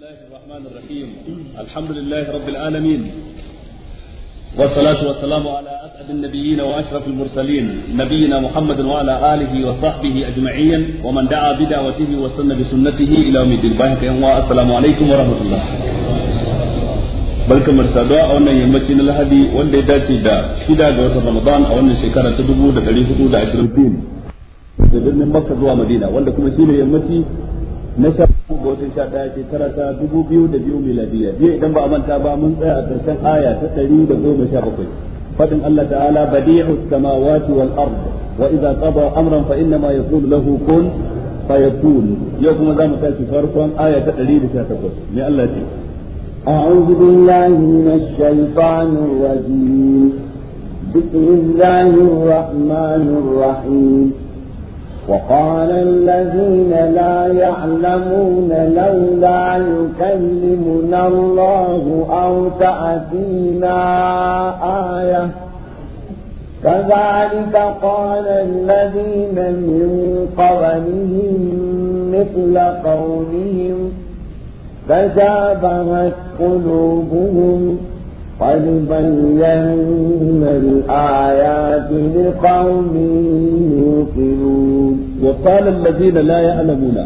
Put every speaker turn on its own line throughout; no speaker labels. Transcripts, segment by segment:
الله الرحمن الرحيم الحمد لله رب العالمين والصلاة والسلام على أسعد النبيين وأشرف المرسلين نبينا محمد وعلى آله وصحبه أجمعين ومن دعا بدعوته وسن بسنته إلى يوم الدين السلام عليكم ورحمة الله barkan mu saduwa wannan yammaci na lahadi wanda ya dace da shida ga watan ramadan a wannan shekara ta dubu da ɗari hudu da ashirin da birnin makka zuwa madina wanda kuma shi yammaci na sha ga watan sha ɗaya shekara ta dubu biyu da biyu miladiya biyu idan ba a manta ba mun tsaya a ƙarshen aya ta ɗari da goma sha bakwai faɗin Allah ta'ala badi'u samawati wal ard wa idza qada amran fa innama yaqulu lahu kun fayakun yau kuma zamu tashi farkon aya ta
118 me Allah ce أعوذ بالله من الشيطان الرجيم بسم الله الرحمن الرحيم
وقال
الذين لا يعلمون لولا يكلمنا الله أو تأتينا آية كذلك قال الذين من قبلهم مثل قولهم تشابهت قلوبهم قد بينا الآيات لقوم يوقنون وقال الذين لا يعلمون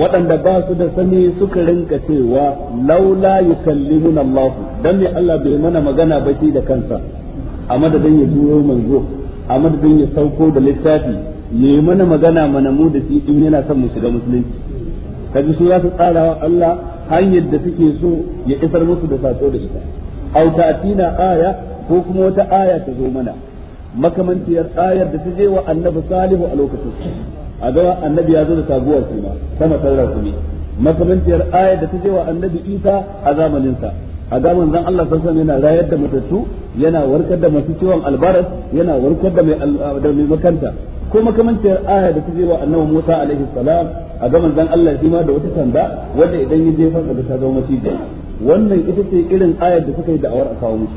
waɗanda ba su da sani suka
rinka cewa laula yukallimuna Allah dan ne Allah bai mana magana ba shi da kansa a madadin ya turo manzo a madadin ya sauko da littafi ya mana magana mana mu da shi in yana son mu shiga musulunci kaji su za su tsara wa Allah hanyar da suke so ya isar musu da sako da ita aw na aya ko kuma wata aya ta zo mana makamantiyar ayar da ta je wa annabi salihu a lokacin a ga annabi ya zo da taguwar kuma sama taurar kuma makamantiyar ayar da ta je wa annabi isa a zamanin sa a ga manzon Allah sallallahu yana rayar da matattu yana warkar da masu ciwon albaras yana warkar da mai da mai makanta ko makamanciyar aya da ta je wa annabi Musa a ga Allah da wata sanda wanda idan ya jefa da ta zama maciji wannan ita ce irin ayar da suka yi da'awar a kawo musu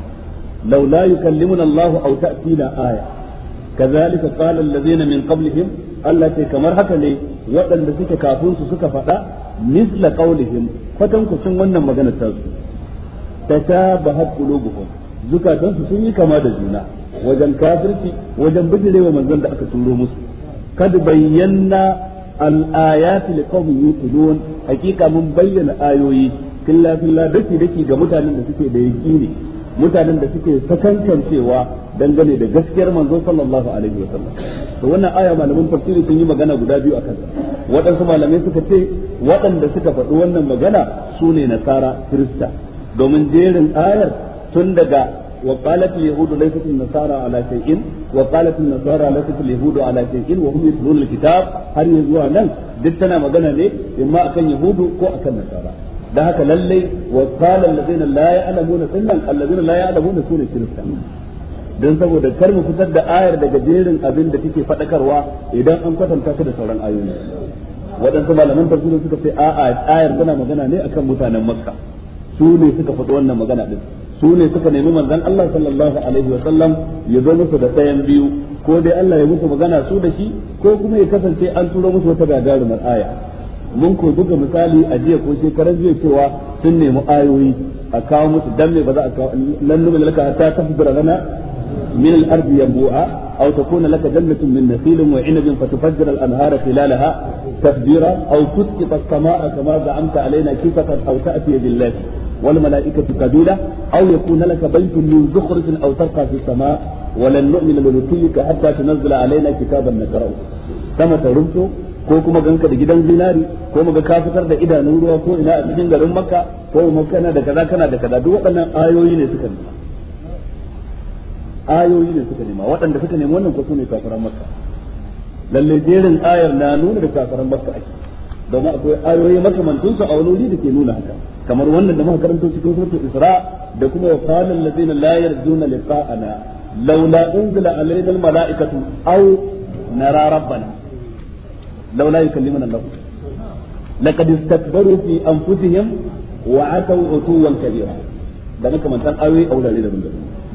law la yukallimuna Allahu aw ta'tina aya kazalika qala allazina min qablihim Allah ce kamar haka ne waɗanda suke kafin su suka faɗa misla fatan ku kucin wannan magana ta su tashabahat qulubuhum zukatan su sun yi kama da juna wajen kafirci wajen bijirewa manzon da aka turo musu kad bayyana al-ayati liqaumin yuqinun hakika mun bayyana ayoyi filla filla daki daki ga mutanen da suke da yakini mutanen da suke sakankancewa dangane da gaskiyar manzo sallallahu alaihi wa sallam to wannan aya malaman tafsiri sun yi magana guda biyu akan waɗansu malamai suka ce waɗanda suka faɗi wannan magana su ne nasara kirista domin jerin ayar tun daga wa qalat yahudu laysat nasara ala shay'in wa qalat nasara laysat yahudu ala shay'in wa hum yatlun alkitab har yanzu nan duk tana magana ne imma akan yahudu ko akan nasara da haka lallai wa qala allazina la ya'lamuna sunnan allazina la ya'lamuna sunnan kirista dan saboda kar mu fitar da ayar daga jerin abin da take fadakarwa idan an kwatanta ta da sauran ayoyi waɗansu malaman tafsiri suka ce a'a ayar tana magana ne akan mutanen makka su ne suka faɗi wannan magana din su ne suka nemi manzon Allah sallallahu alaihi wa sallam ya zo musu da sayan biyu ko dai Allah ya musu magana su da shi ko kuma ya kasance an turo musu wata gagarumar aya mun ko buga misali a jiya ko shekaran jiya cewa sun nemi ayoyi a kawo musu dan me ba za a kawo lan numin laka hatta tafdura lana min al-ard yanbu'a aw takuna laka jannatun min nakhilin wa 'inabin fatufajjira al-anhara khilalaha tafjira aw tusqita as-samaa'a kama za'amta alaina kifatan aw ta'ti bil-layl والملائكة قبيلة أو يكون لك بيت من زخرف أو ترقى في السماء ولن نؤمن لرسولك حتى تنزل علينا كتابا نقرأه كما ترمت ko kuma ganka da gidan zinari ko muga ka fitar da idanun ruwa ko ina a cikin garin makka ko mu kana da kaza kana da kaza duk waɗannan ayoyi ne suka nuna ayoyi ne suka nema waɗanda suka nema wannan ko sune kafaran makka lalle jerin ayar na nuna da kafaran makka ake domin akwai ayoyi makamantun su a wani da ke nuna haka kamar wannan da muka karanta cikin suratul isra da kuma wa qala allazina la yarjuna liqa'ana laula unzila alaina mala'ikatu aw nara rabbana laula yukallimuna Allah laqad istakbaru fi anfusihim wa ataw utuwan kabira da makamantan awi a wurare da daban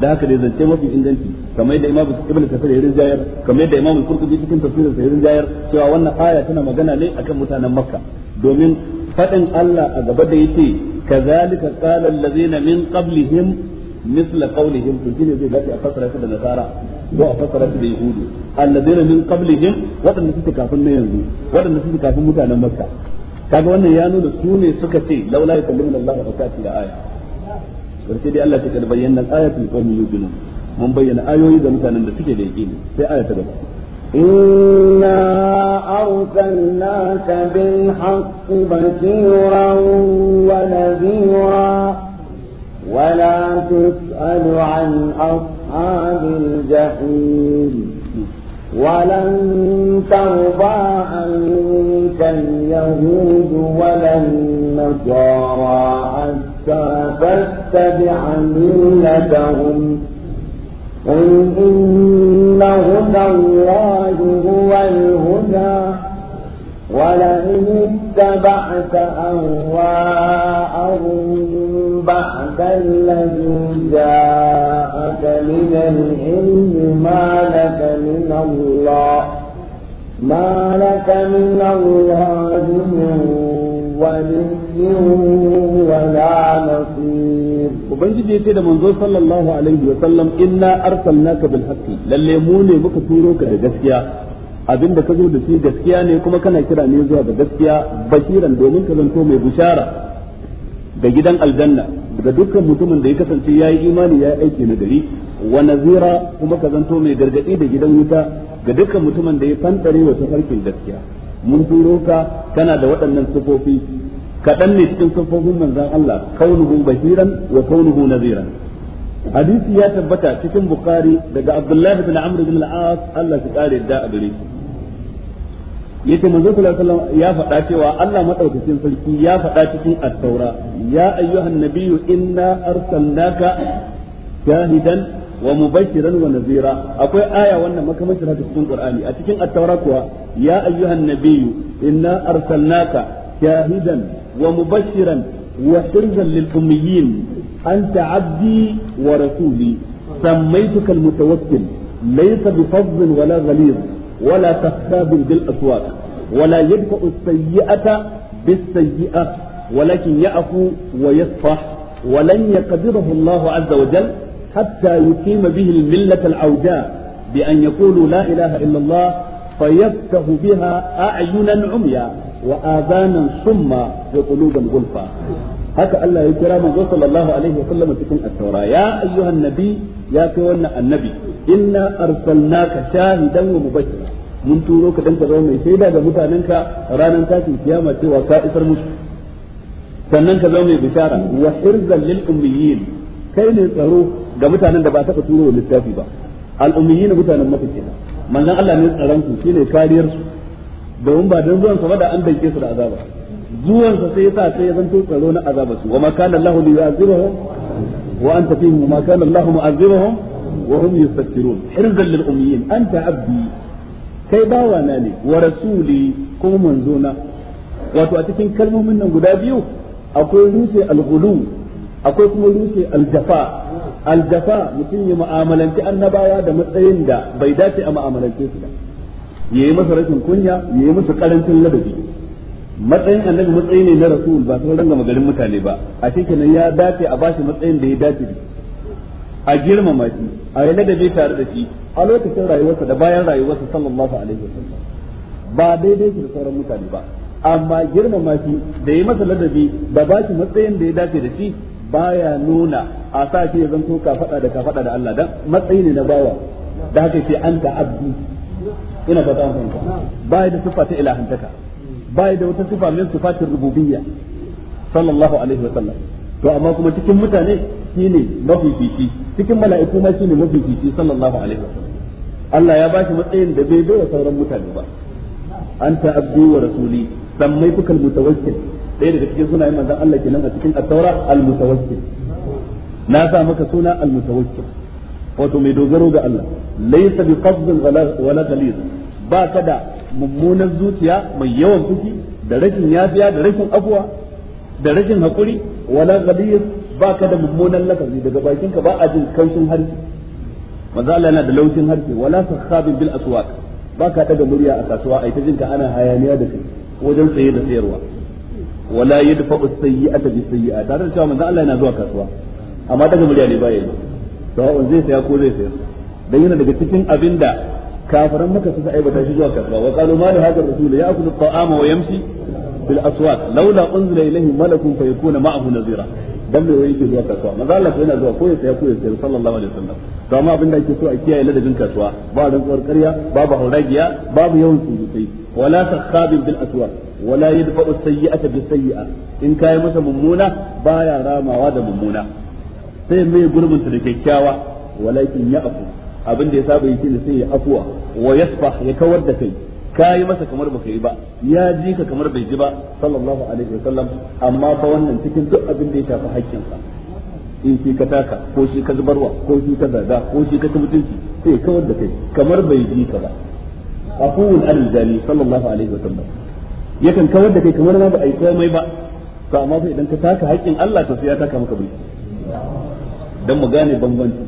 da haka dai zance mafi inganci kamar yadda imamu ibnu kasir ya rinjayar kamar yadda imamu qurtubi cikin tafsirin sa ya rinjayar cewa wannan aya tana magana ne akan mutanen makka domin fadin Allah a gaba da yace kazalika qala allazina min qablihim misla qawlihim to shine zai dace a fasara da nasara wa fasara da yahudu allazina min qablihim wadanda suke kafin na yanzu wadanda suke kafin mutanen makka kaga wannan ya nuna su ne suka ce laula yukallimuna Allah wa ta'ala da aya sai dai Allah take kada bayyana ayatul qawmi yuqinun mun bayyana ayoyi ga mutanen da suke da yaqini sai aya ta gaba
إنا أرسلناك بالحق بشيرا ونذيرا ولا تسأل عن أصل أصحاب الجحيم ولن ترضى عنك اليهود ولا النصارى حتى تتبع ملتهم قل إن هدى الله هو الهدى ولئن اتبعت أهواءهم بعد الذي جاءك من العلم ما لك من الله ما لك من الله من ولي ولا نصير وبنجي يتي da manzo sallallahu alaihi wa
sallam inna arsalnaka bil haqqi lalle mu ne muka turo ka da gaskiya abinda ka zo da shi gaskiya ne kuma kana kira ne zuwa ga gaskiya basiran domin ka zanto mai bushara da gidan aljanna ga dukkan mutumin da ya kasance ya yi imani ya yi aiki na gari wa nazira kuma ka zanto mai gargadi da gidan wuta ga dukkan mutumin da ya fantare wa tafarkin gaskiya mun turo ka kana da waɗannan sifofi kaɗan ne cikin sifofin manzan Allah kaunuhu bashiran wa kaunuhu naziran hadisi ya tabbata cikin bukari daga abdullahi bin amr bin al-as Allah su kare da a gare shi yace manzo sallallahu alaihi wasallam ya faɗa cewa Allah madaukakin sarki ya faɗa cikin at-taura ya ayyuhan nabiyyu inna arsalnaka shahidan wa mubashiran wa nazira akwai aya wannan makamancin haka cikin qur'ani a cikin at-taura kuwa ya ayyuhan nabiyyu inna arsalnaka shahidan wa mubashiran wa hirzan lil ummiyin anta abdi wa rasuli sammaytuka al-mutawakkil laysa bi fadl wala ghalidh ولا تخاب بالأسواق ولا يدفع السيئة بالسيئة ولكن يعفو ويصفح ولن يقدره الله عز وجل حتى يقيم به الملة العوجاء بأن يقولوا لا إله إلا الله فيفتح بها أعينا عميا وآذانا صما وقلوبا غلفا haka الله يكرم صلى الله عليه وسلم تكون التوراه يا ايها النبي يا كون النبي انا ارسلناك شاهدا ومبشرا mun turo ka dan ka zama mai shaida ga mutanenka ranar tashin kiyama cewa ka isar musu sannan ka zama mai bishara wa hirzan lil ummiyin kai ne tsaro ga mutanen da ba taɓa turo littafi ba al ummiyin mutanen maka kenan manzon Allah ne tsaron ku shine kariyar su domin ba dan zuwan sa ba da an danke su da azaba zuwan sa sai yasa sai ya zanto tsaro na azaba su wa ma kana Allahu liyazibahum wa anta fihim ma kana Allahu mu'azibahum wa hum yastaghfirun hirzan lil ummiyin anta abdi kai bawa na ne wa rasuli kuma manzo na wato a cikin kalmomin nan guda biyu akwai rushe alghulu akwai kuma rushe aljafa aljafa mutum ya mu'amalanci annabawa da matsayin da bai dace a mu'amalance su ba yayi masa rashin kunya yayi masa karancin ladabi matsayin annabi matsayi ne na rasul ba sai ranga magarin mutane ba a cikin ya dace a bashi matsayin da ya dace a girmama shi a yi ladabi tare da shi a lokacin rayuwarsa da bayan rayuwarsa sallallahu alaihi wasallam ba daidai shi da sauran mutane ba amma girmama shi da yi masa ladabi da ba shi matsayin da ya dace da shi baya nuna a sa shi ya zanto ka faɗa da ka faɗa da Allah dan matsayi ne na bawa da haka sai an ta abdi ina ba an hanka baya da sifa ta ilahantaka baya da wata sifa min sifatir rububiyya sallallahu alaihi wasallam to amma kuma cikin mutane shine mafifici cikin mala'iku ma shine mafifici sallallahu alaihi wasallam Allah ya bashi matsayin da bai bai wa sauran mutane ba
an
anta abdu wa rasuli sammai kukal mutawakkil ɗaya daga cikin sunayen manzon Allah kenan a cikin at-taura al-mutawakkil na sa maka suna al-mutawakkil wato mai dogaro ga Allah laysa bi qasdin wala ghaliz ba ka da mummunan zuciya mai yawan fushi da rashin yafiya da rashin afuwa da rashin hakuri wala ghaliz ba ka da mummunan lafazi daga bakinka ba a jin kaushin harshe manzo Allah yana da laushin harshe wala sakhabin bil aswaq ba ka daga murya a kasuwa ai ta jin ka ana hayaniya da kai wajen saye da sayarwa wala yadfa'u sayyi'ata bi sayyi'a tare da cewa manzo Allah yana zuwa kasuwa amma daga murya ne ba yayi sawa'un zai saya ko zai sayar dan yana daga cikin abinda kafiran maka suka aibata shi zuwa kasuwa wa qalu ma li hadha ar-rasul ya'kulu at-ta'ama wa yamshi bil aswaq laula unzila ilayhi malakun fayakuna ma'ahu nazira dan mai yake zuwa kasuwa maza Allah yana zuwa ko ya saya ko ya sayar sallallahu alaihi wasallam to amma abin da ake so a kiyaye ladabin kasuwa ba rantsuwar ƙarya babu hauragiya babu yawan surutai wala sakhabin bil aswaq wala yadfa'u sayyi'ata bi sayyi'a in kai masa mummuna baya ramawa da mummuna sai mai gurbin da kyakkyawa walakin ya'fu abin da ya saba yi shine sai ya afwa wa yasbah ya kawar da kai ka yi masa kamar baka yi ba ya ji ka kamar bai ji ba sallallahu alaihi wa sallam amma fa wannan cikin duk abin da ya shafi haƙƙinsa in shi ka taka ko shi ka zubarwa ko shi ka zaga ko shi ka ci mutunci sai ka da kai kamar bai ji ka ba afuwul arzani sallallahu alaihi wa sallam yakan kawar da kai kamar ma ba a yi komai ba to amma sai idan ka taka haƙƙin Allah to sai ya taka maka bai dan mu gane bambanci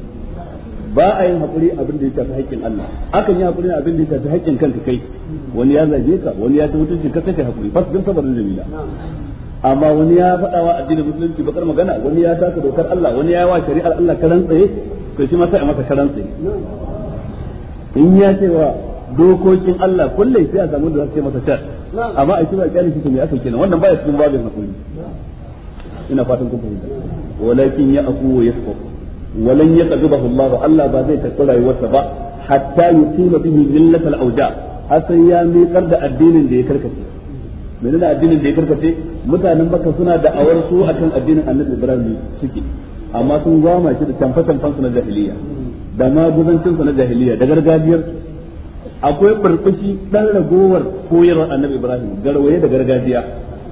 ba a yin hakuri abin da ya tafi haƙƙin Allah akan yi hakuri abin da ya tafi haƙƙin kanka kai wani ya zage ka wani ya ta mutunci ka kake hakuri fas din sabarin jamila amma wani ya faɗa wa addinin musulunci bakar magana wani ya taka dokar Allah wani ya wa shari'ar Allah karan tsaye to shi ma sai a masa karan tsaye in ya ce wa dokokin Allah kullai sai a samu da za su ce masa shar amma a kira kyalin shi ne aka kenan wannan baya cikin babin haƙuri, ina fatan kun fahimta walakin ya aku wa yasfa walan yaqdabahu Allah Allah ba zai karɓi rayuwarsa ba hatta yutima bihi millatal auda har sai ya miƙar da addinin da ya karkace menene addinin da ya karkace mutanen baka suna da awar su akan addinin Annabi Ibrahim suke amma sun gwama shi da tamfa-tamfan su na jahiliya da magudancin su na jahiliya da gargajiyar akwai burbushi dan ragowar koyarwa Annabi Ibrahim garwaye da gargajiya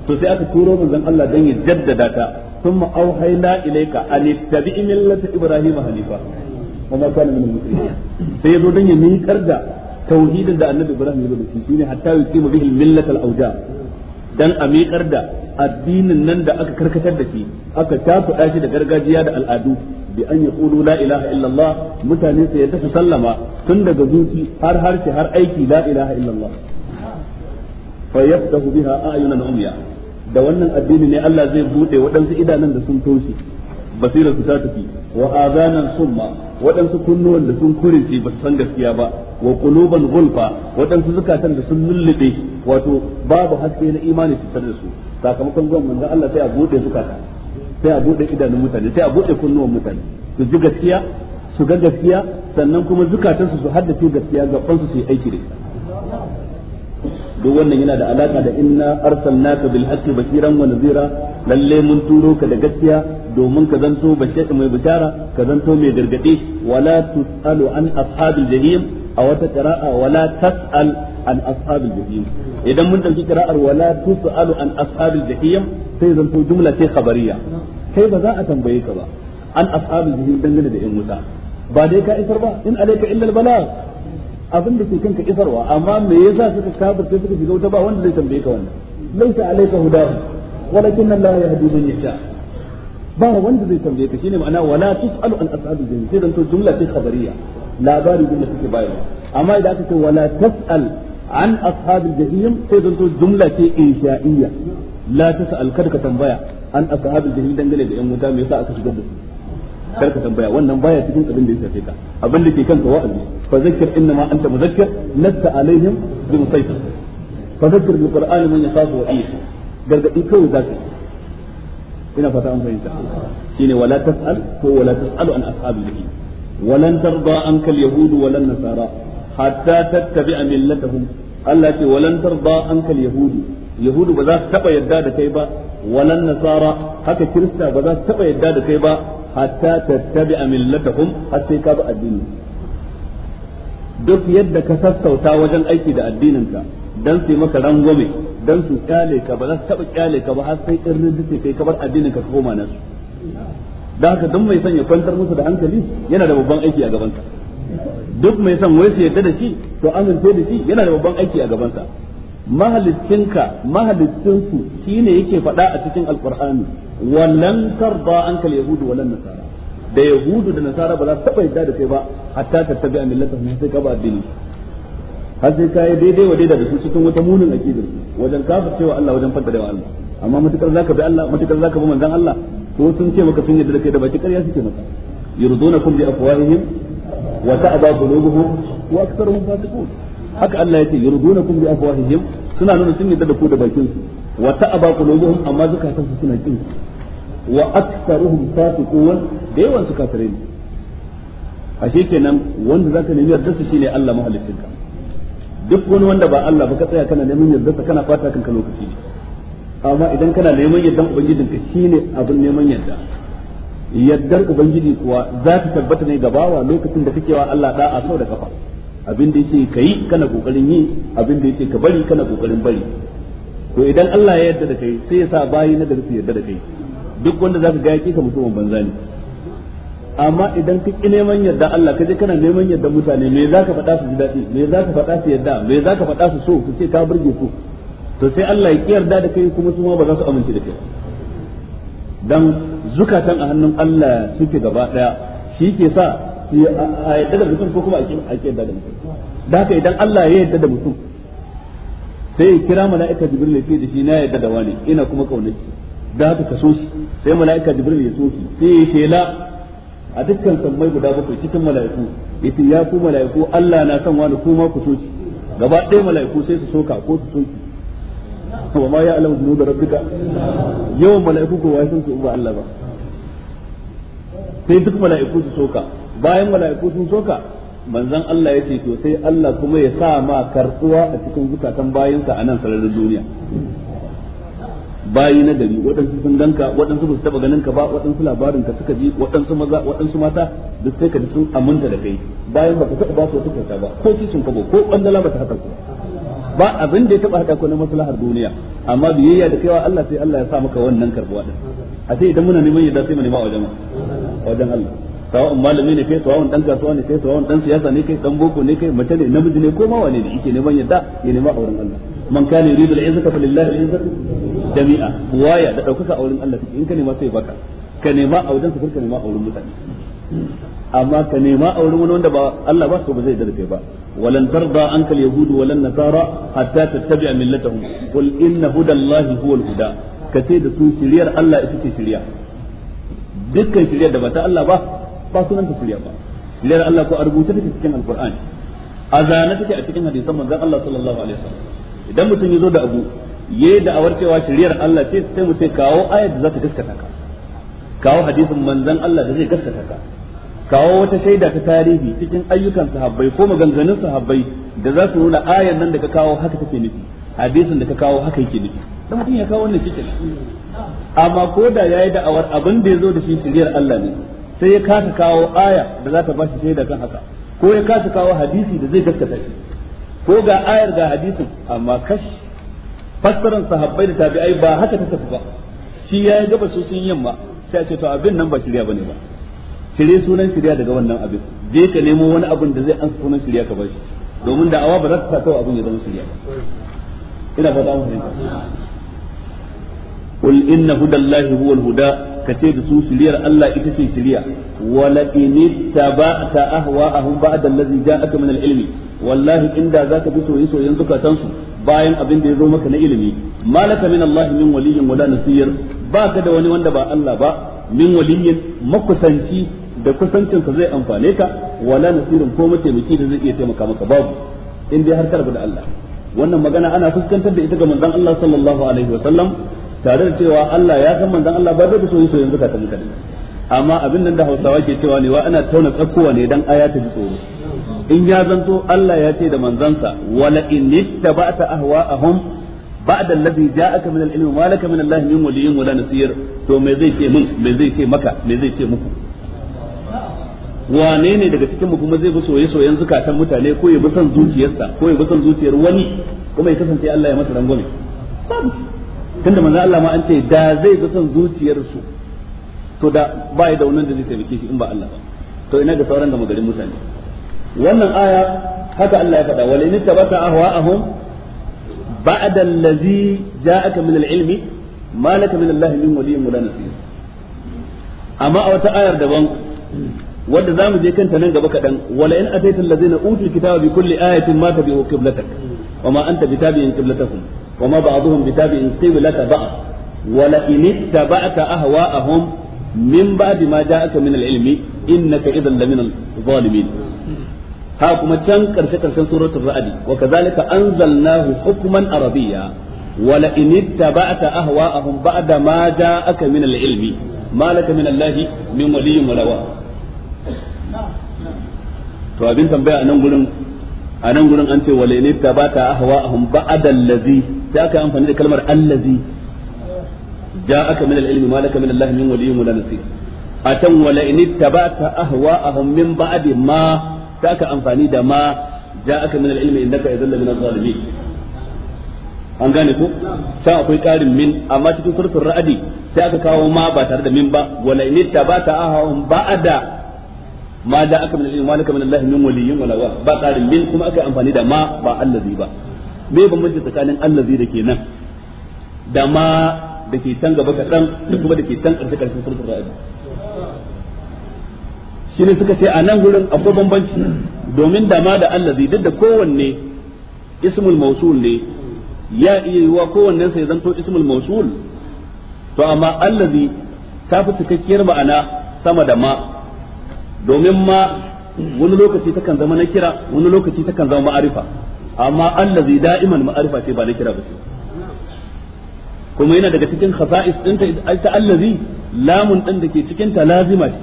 to sai aka turo manzon Allah dan ya jaddada ta thumma auhayna ilayka an ittabi millata ibrahima hanifa wa ma kana minal muslimin sai yazo dan ya miƙar da tauhidin da annabi ibrahim ya rubuta shine hatta yuqima bihi millata al dan a miƙar da addinin nan da aka karkatar da shi aka tafuɗa shi da gargajiya da al'adu bi an ya ƙulu la ilaha illallah mutane su yadda su sallama tun daga zuci har harshe har aiki la ilaha illallah fa yaftahu biha ayunan umya da wannan addini ne Allah zai bude waɗansu idanun da sun toshe basirar su ta tafi wa azanan summa waɗansu kunnuwan da sun kurince ba su san gaskiya ba wa quluban gulfa waɗansu zukatan da sun lullube wato babu haske na imani su da su sakamakon zuwan manzon Allah sai a bude zukata sai a bude idanun mutane sai a bude kunnuwan mutane su ji gaskiya su ga gaskiya sannan kuma zukatansu su haddace gaskiya ga su su yi aiki da ita duk wannan yana da alaka da inna arsalnaka bil haqqi bashiran wa nadhira lalle mun turo ka da gaskiya domin ka zanto bashir mai bishara ka zanto mai gargadi wala tusalu an ashabil jahim a wata qira'a wala tasal an ashabil jahim idan mun dauki qira'ar wala tusalu an ashabil jahim sai zanto jumla ce khabariya kai ba za a tambaye ka ba an ashabil jahim dangane da yan wuta ba dai ka isar ba in alayka illa al bala. abin da ke kanka isarwa amma me yasa suka kafirce suka shiga wuta ba wanda zai tambaye ka wannan laisa alayka hudahu walakin Allah yahdi man yasha ba wanda zai tambaye ka shine ma'ana wala tusalu an ashabil jannah sai dan to jumla ce khabariya labari jumla take bayarwa amma idan aka ce wala tasal an ashabil jahim sai dan to jumla ce insha'iyya la tasal kada ka tambaya an ashabil jahim dangane da yan wuta me yasa aka shigar da su kar ka tambaya wannan baya cikin abin da ya shafe ka abin da ke kanka wa'azi fa zakkir innama anta muzakkir nasta alaihim bi musaytir fa zakkir bil qur'ani man yakhafu wa'id gargadi kawai zaka ina fata an fahimta shine wala tas'al ko wala tas'alu an ashabil jahim walan tarda anka al yahud wala nasara hatta tattabi'a millatahum Allah ce walan tarda anka al yahud yahudu ba za su taba yadda da kai ba walan nasara haka kirista ba za su taba yadda da kai ba hatta tattabi'a millatahum har sai ka bi addini duk yadda ka sassauta wajen aiki da addinin ka dan su maka rangwame dan su kyale ka ba za su taba kyale ka ba har sai in rinjice kai kabar addinin ka koma nasu da haka duk mai son ya kwantar musu da hankali yana da babban aiki a gaban
gabansa
duk mai son wai su yadda da shi to amince da shi yana da babban aiki a gaban sa. mahalicinka mahalicinsu shine yake faɗa a cikin alqur'ani wallan tarda anka yahudu walan nasara da yahudu da nasara ba za su taɓa yadda da kai ba hatta tattabi a millata sun sai kaba ba addini har sai ka yi daidai wa daidai da su cikin wata munin aqidar wajen kafir cewa Allah wajen fadda da Allah amma mutukar zaka bi Allah mutukar zaka bi manzon Allah to sun ce maka sun yadda da kai da baki ƙarya suke maka yurdunakum bi afwahihim wa ta'aba qulubuhum wa aktharuhum fasiqun haka Allah ya ce yurdunakum bi afwahihim suna nuna sun yi da ku da bakin su wa ta'aba qulubuhum amma zakatan su suna kin wa aktsaruhum fasiqun da yawan su kafire ne ashe kenan wanda zaka nemi yarda su shine Allah mahaliccin ka duk wani wanda ba Allah ba ka tsaya kana neman yarda sa kana fata kanka lokaci ne amma idan kana neman yardan ubangijin ka shine abin neman yarda yaddar ubangiji kuwa za ta tabbata ne gabawa lokacin da kake wa Allah da'a sau da kafa abin da yake kai kana kokarin yi abin da yake ka bari kana kokarin bari to idan Allah ya yarda da kai sai ya sa bayi na da su yarda da kai duk wanda zaka ga yake ka mutum banza ne amma idan ka ki neman yarda Allah ka je kana neman yarda mutane me zaka faɗa su ji daɗi me zaka faɗa su yarda me zaka faɗa su so ku ce ka burge su to sai Allah ya yarda da kai kuma su ma ba za su amince da kai dan zukatan a hannun Allah suke gaba daya shi ke sa a yadda da mutum ko kuma a yadda da mutum da haka idan Allah ya yarda da mutum sai ya kira mala'ika jibril ya da shi na yarda da wani ina kuma kaunar shi da haka kaso so shi sai mala'ika jibril ya so sai ya shela a dukkan sammai guda bakwai cikin mala'iku yace ya ku mala'iku Allah na son wani kuma ku so shi gaba ɗaya mala'iku sai su soka ko su soki wa ma ya'lamu da rabbika yawan mala'iku ko wai sun su uba Allah ba sai duk mala'iku su soka bayan mala'iku sun soka manzon Allah ya ce to sai Allah kuma ya sa ma karɓuwa a cikin zukatan bayinsa a nan sararin duniya bayi na gari waɗansu sun ganka waɗansu ba su taɓa ganin ka ba waɗansu labarin ka suka ji waɗansu maza waɗansu mata duk sai ka ji sun aminta da kai bayan ba ka taɓa ba su wata kyauta ba ko sun kabo ko ɓangala ba ta haɗa ku ba abin da ya taɓa haɗa ku na maslahar duniya amma biyayya da kaiwa Allah sai Allah ya sa maka wannan karɓuwa din a sai idan muna neman yadda sai mu nema wajen wajen Allah sawa'un malami ne kai sawa'un dan kasuwa ne kai sawa'un dan siyasa ne kai dan boko ne kai mace ne namiji ne ko ma wane ne yake neman yadda ya nema a wurin Allah man kana yuridu al-izzata falillahi al-izzatu jami'a waya da daukaka a wurin Allah in ka nema sai baka ka nema a wajen ka nema a wurin mutane amma ka nema a wurin wani wanda ba Allah ba to ba zai darfe ba walan tarda anka al-yahud walan nasara hatta tattabi'a millatahum qul inna hudallahi huwal huda ka ce da su shiriyar Allah ita ce shiriya dukkan shiriyar da ba ta Allah ba ba sunan ta shirya ba lera Allah ko a rubuta take cikin alqur'ani a zane take a cikin hadisan manzon Allah sallallahu alaihi wasallam idan mutum ya zo da abu da da'awar cewa shiryar Allah ce sai mutum kawo ayat da za ta gaskata ka kawo hadisin manzon Allah da zai gaskata ka kawo wata shaida ta tarihi cikin ayyukan sahabbai ko maganganun sahabbai da za su nuna ayan nan da ka kawo haka take nufi hadisin da ka kawo haka yake nufi dan mutum ya kawo wannan shi amma ko da yayi da'awar abin da yazo da shi shiryar Allah ne sai ya kasa kawo aya da za ta ba shi shaida kan haka ko ya kasa kawo hadisi da zai gaskata shi ko ga ayar ga hadisin amma kash fassarar sahabbai da tabi'ai ba haka ta tafi ba shi ya yi gaba sosai sun yamma sai a ce to abin nan ba shirya bane ba shirye sunan shirya daga wannan abin je ka nemo wani abin da zai an sunan shirya ka bashi
domin da awa ba za
ta sa kawai abin ya zama shirya ba ina fata mu fahimta قل إن هدى الله هو الهدى ka ce da su shiriyar Allah ita ce shiriya wala in ittaba'ta ahwa'ahum ba'da allazi ja'aka min al-ilmi wallahi inda zaka bi soyayya soyayyan zukatan su bayan abin da ya zo maka na ilimi malaka min Allah min waliyyin wala nasir baka da wani wanda ba Allah ba min waliyin makusanci da kusancin ka zai amfane ka wala nasirin ko mataimaki da zai iya taimaka maka babu in dai har karbu da Allah wannan magana ana fuskantar da ita ga manzon Allah sallallahu alaihi wa sallam tare da cewa Allah ya san manzon Allah ba zai soyi soyin zakatan mutane amma abin nan da Hausawa ke cewa ne wa ana tauna tsakkuwa ne dan aya ta ji tsoro in ya zanto Allah ya ce da manzansa wala in ittaba'ta ahwa'ahum ba'da alladhi ja'aka min al-ilmi wa laka min Allah min waliyyin wala nasir to me zai ce min me zai ce maka me zai ce muku wane ne daga cikin mu kuma zai bi soye soyen zukatan mutane ko ya bi son zuciyarsa ko ya bi son zuciyar wani kuma ya kasance Allah ya masa rangwame tunda manzo Allah ma an ce da zai ga son zuciyarsu to da ba ya da wannan da zai taimake shi in ba Allah ba to ina da sauran gama garin mutane wannan aya haka Allah ya faɗa walin tabata ahwa'ahum ba'da allazi ja'aka min al-ilmi ma laka min Allah min waliyyin wala nasir amma a wata ayar daban wanda zamu je kanta nan gaba kadan wala in ataita allazina utul kitaba bi kulli ayatin ma tabi'u qiblatak wa ma anta bitabi'in qiblatahum وما بعضهم بتابع قبلة بعض ولئن اتبعت أهواءهم من بعد ما جاءك من العلم إنك إذا لمن الظالمين ها كما كان كرسي كرسي سورة الرعد وكذلك أنزلناه حكما عربيا ولئن اتبعت أهواءهم بعد ما جاءك من العلم ما لك من الله من ولي ولا واق to abin tambaya a nan gurin a nan gurin an ce walaini tabata ahwa'ahum ba'da allazi sai aka amfani da kalmar allazi ja'aka min al-ilmi ma laka min Allah min wa wala nasir atan wala in ittaba'ta ahwa'ahum min ba'di ma sai aka amfani da ma min al-ilmi innaka min zalimin an gane ko sai akwai karin min amma cikin suratul ra'adi sai aka kawo ma ba tare da min ba wala in ahwa'ahum ba'da ma da aka min ilmi malaka min Allah min waliyyin wala ba ba qarin min kuma aka amfani da ma ba allazi ba me bambanci tsakanin allazi da ke nan da ma da ke can gaba kaɗan da kuma da ke can ƙarshe ƙarshen suratul ra'ayi shi ne suka ce a nan gurin akwai bambanci domin da ma da allazi duk da kowanne ismul mausul ne ya iya yiwa kowanne sai zanto ismul mausul to amma allazi ta fi cikakkiyar ma'ana sama da ma domin ma wani lokaci takan zama na kira wani lokaci takan zama ma'arifa amma allazi da'iman ma'arifa ce ba na kira ba ce kuma yana daga cikin khasa'is ɗinta ta allazi lamun ɗin da ke cikin ta lazima ce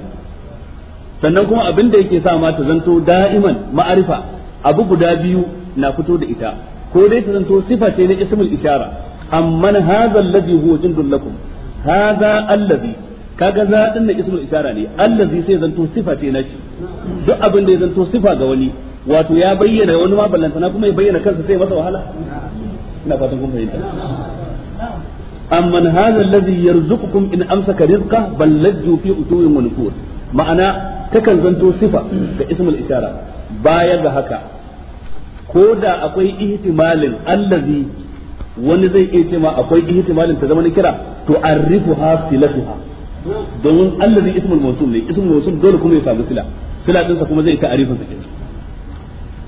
sannan kuma abin da yake sa ma ta zanto da'iman ma'arifa abu guda biyu na fito da ita ko dai ta zanto sifa ce na ismul ishara amma hadha allazi huwa jundul lakum hadha allazi kaga za din na ismul ishara ne allazi sai zanto sifa ce na shi duk abin da ya zanto sifa ga wani wato ya bayyana wani ma ballantana kuma ya bayyana kansa sai masa wahala ina fatan kun fahimta amman hadha alladhi yarzuqukum in amsaka rizqa bal lajju fi utuwin wa nufur ma'ana takan zanto sifa da ismul ishara baya ga haka ko da akwai ihtimalin allazi wani zai iya ce ma akwai ihtimalin ta zama na kira to arrifuha filatuha domin allazi ismul mawsul ne ismul mawsul dole kuma ya samu sila sila din sa kuma zai ta arifin sa kenan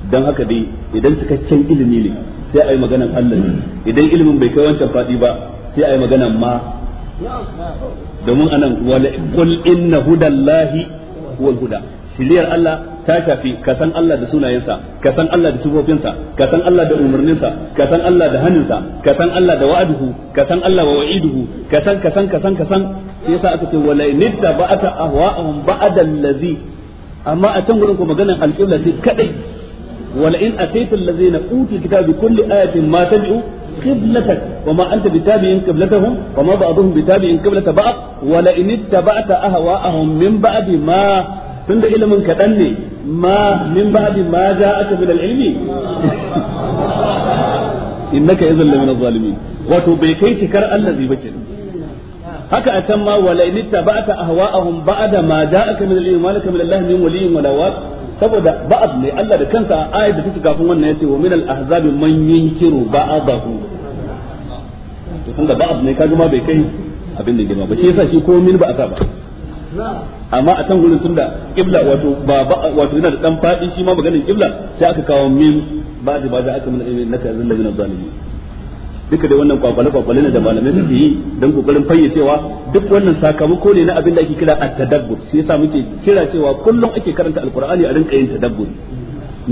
dan haka dai idan cikakken ilimi ne sai a yi maganan Allah ne idan ilimin bai kai wancan faɗi ba sai a yi maganan ma domin anan wala qul inna hudallahi huwal huda shiriyar Allah ta shafi ka san Allah da sunayensa ka san Allah da sifofinsa ka san Allah da umarninsa ka san Allah da haninsa ka san Allah da wa'aduhu ka san Allah wa wa'iduhu ka san ka san ka san ka san sai yasa aka ce wala nitta ba'ata ahwa'ahum ba'da allazi amma a can gurin ku maganan alqibla sai kadai ولئن أتيت الذين أوتوا الكتاب بكل آية ما تدعوا قبلتك وما أنت بتابع قبلتهم وما بعضهم بتابع قبلة بعض ولئن اتبعت أهواءهم من بعد ما تند من كتني ما من بعد ما جاءك من العلم إنك إذا لمن الظالمين وتبيكيت كر الذي بكر هكا أتم ولئن اتبعت أهواءهم بعد ما جاءك من الايمان ja'aka الله من iman ka saboda ba'ad ne Allah da kansa a ayat da take kafin wannan yace wa minal ahzabi man yunkiru ba'adahu to da ba'ad ne kaji ma bai kai abin da girma ba shi yasa shi ko min ba a sa ba amma a can gurin tunda kibla wato ba wato yana da dan fadi shi ma maganin kibla sai aka kawo min ba da ba za aka mun eh, naka zalla min zalimi duka da wannan kwakwale kwakwale na da malamai suke yi don kokarin fayyacewa duk wannan sakamako ne na abin da ake kira at-tadabbur sai yasa muke kira cewa kullum ake karanta alkur'ani a rinka yin tadabbur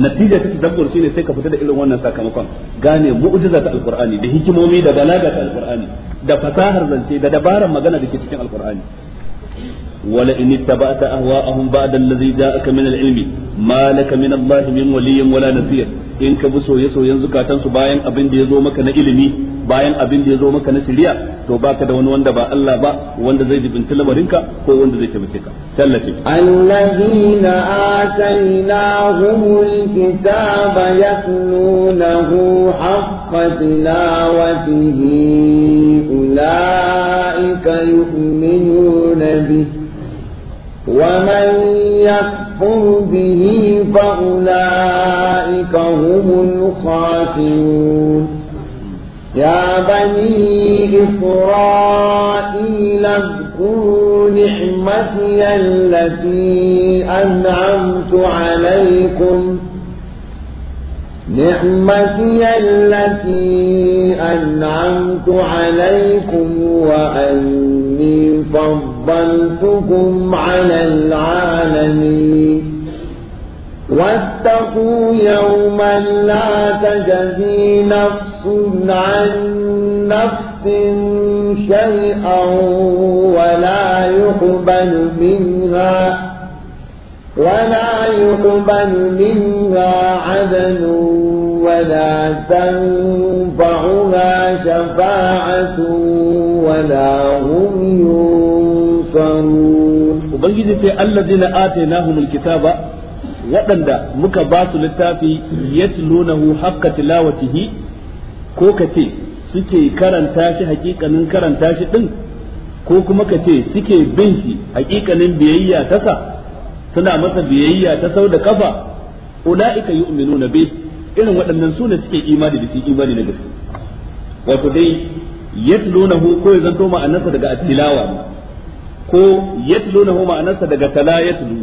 natija ta tadabbur shine sai ka fita da irin wannan sakamakon gane mu'jiza ta alqur'ani da hikimomi da balaga ta alkur'ani da fasahar zance da dabarar magana da ke cikin alkur'ani. wala in ittaba'ta ahwa'ahum ba'da alladhi ja'aka min al-ilmi ma laka min Allah min waliyyin wala nasir in ka bi soye soyen zukatan su bayan abin da yazo maka na ilimi bayan abin da yazo maka na shiriya to baka da wani wanda ba Allah ba wanda zai jibinta lamarinka ko wanda zai taimake ka sallace
allazina atainahumul kitaba yatlunahu haqqa tilawatihi ulaika yu'minuna bihi ومن يكفر به فأولئك هم الخاسرون يا بني إسرائيل اذكروا نعمتي التي أنعمت عليكم نعمتي التي أنعمت عليكم وأني فضل فضلتكم على العالمين واتقوا يوما لا تجزي نفس عن نفس شيئا ولا يقبل منها ولا يقبل منها عدل ولا تنفعها شفاعة ولا هم يحصنون وبنجي في الذين آتيناهم الكتاب waɗanda
muka basu littafi yatlunahu haqqa tilawatihi ko kace suke karanta shi hakikanin karanta shi din ko kuma kace suke bin shi hakikanin biyayya ta sa suna masa biyayya ta sau da kafa ulaika yu'minuna bi irin waɗannan su ne suke imani da shi imani na gaske wato dai yatlunahu ko ya ma annasa daga tilawa ko yatlunahu ma'anarsa daga tala yatlu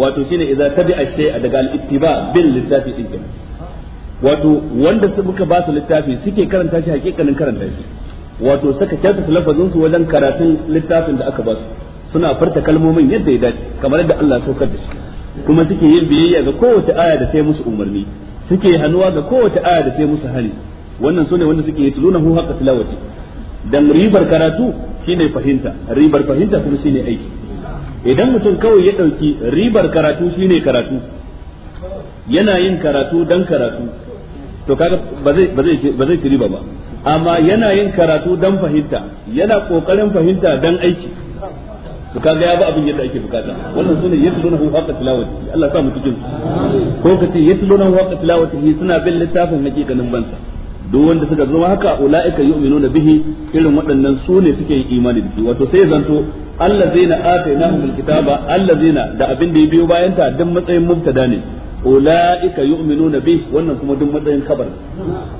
wato shine idza tabi'a shay'a daga al-ittiba bil littafi din kenan wato wanda suka ba su littafi suke karanta shi hakikanin karanta shi wato saka kyautata lafazin su wajen karatun littafin da aka ba su suna furta kalmomin yadda ya dace kamar yadda Allah ya saukar da su. kuma suke yin biyayya ga kowace aya da ta yi musu umarni suke hannuwa ga kowace aya da ta yi musu hari wannan sune wanda suke yi tulunahu haqqa tilawati dan ribar karatu shine fahimta ribar fahimta kuma shine aiki idan mutum kawai ya ɗauki ribar karatu shine karatu yana yin karatu dan karatu to kaga ba zai ba zai ba zai ci riba ba amma yana yin karatu dan fahimta yana kokarin fahimta dan aiki to kaga ya ba abin yadda ake bukata wannan sune yatlunahu haqqat tilawati Allah sa mu cikin ko kace yatlunahu haqqat tilawati suna bin littafin hakikanin bansa duk wanda suka zama haka ulaika yu'minuna bihi irin waɗannan su ne suke yin imani da shi wato sai zanto kitaba Allah zai na da abin da ya biyo bayan ta dan matsayin mubtada ne ulaika yu'minuna bihi wannan kuma duk matsayin kabar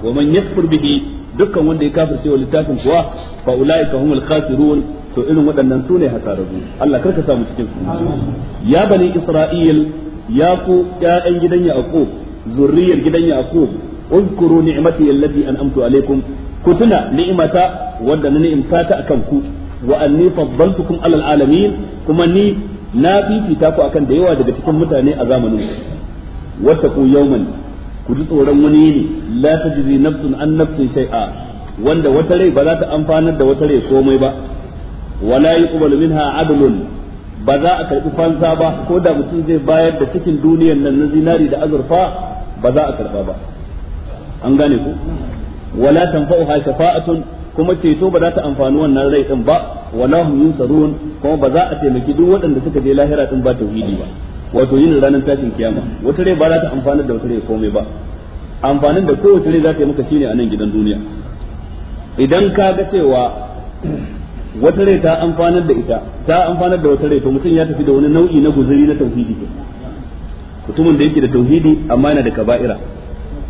wa man yakfur bihi dukkan wanda ya kafirce wa littafin kuwa fa ulaika humul khasirun to irin waɗannan su ne hasararru Allah karka samu cikin su ya bani isra'il ya ku ƴaƴan gidan yaqub zurriyar gidan yaqub uzkuru ni'mati allati an'amtu alaikum ku tuna ni'imata wanda na ni'imta ta akan ku wa anni faddaltukum alal alamin kuma ni na fifita ku akan da yawa daga cikin mutane a zamanin ku wattaqu yawman ku ji tsoron wani ne la tajzi nafsun an nafsin shay'a wanda wata rai ba za ta amfanar da wata rai komai ba wala yuqbalu minha adlun ba za a karbi fansa ba ko da mutum zai bayar da cikin duniyar nan na zinari da azurfa ba za a karba ba an gane ku wala tanfa'uha shafa'atun kuma ceto ba za ta amfani wannan rai din ba wala hum yunsarun kuma ba za a taimaki duk waɗanda suka je lahira din ba tauhidi ba wato yin ranar tashin kiyama wata rai ba za ta amfani da wata rai komai ba amfanin da kowace rai za ta yi maka shine a nan gidan duniya idan ka ga cewa wata rai ta amfanar da ita ta amfanar da wata rai to mutum ya tafi da wani nau'i na guzuri na tauhidi mutumin da yake da tauhidi amma yana da kaba'ira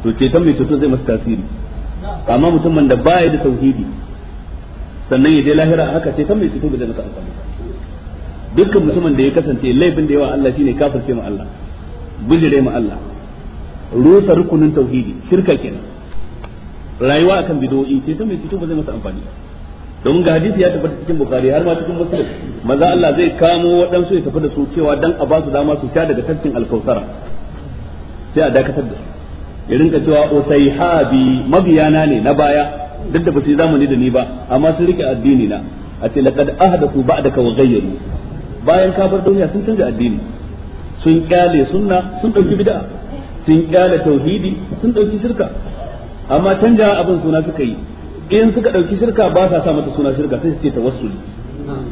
to ceton mai ceto zai masa tasiri amma mutumin da baya da tauhidi sannan ya je lahira haka ceton mai ceto ba zai masa amfani dukkan mutumin da ya kasance laifin da yawa Allah shine kafirce ma Allah bijire ma Allah rusa rukunin tauhidi shirka kenan rayuwa akan bid'o'i ceton mai ceto ba zai masa amfani Don ga hadisi ya tabbata cikin bukari har ma cikin muslim maza Allah zai kamo waɗansu ya tafi da su cewa dan a ba su dama su sha daga tafkin alkausara sai a dakatar da su ya rinka cewa mabiya mabiyana ne na baya duk da ba su yi zamani da ni ba amma sun rike addini na a ce laqad ahdathu ba'daka wa ghayyaru bayan ka bar duniya sun canza addini sun kyale sunna sun dauki bid'a sun kyale tauhidi sun dauki shirka amma canja abin suna suka yi in suka ɗauki shirka ba sa sa mata suna shirka sai su ce tawassuli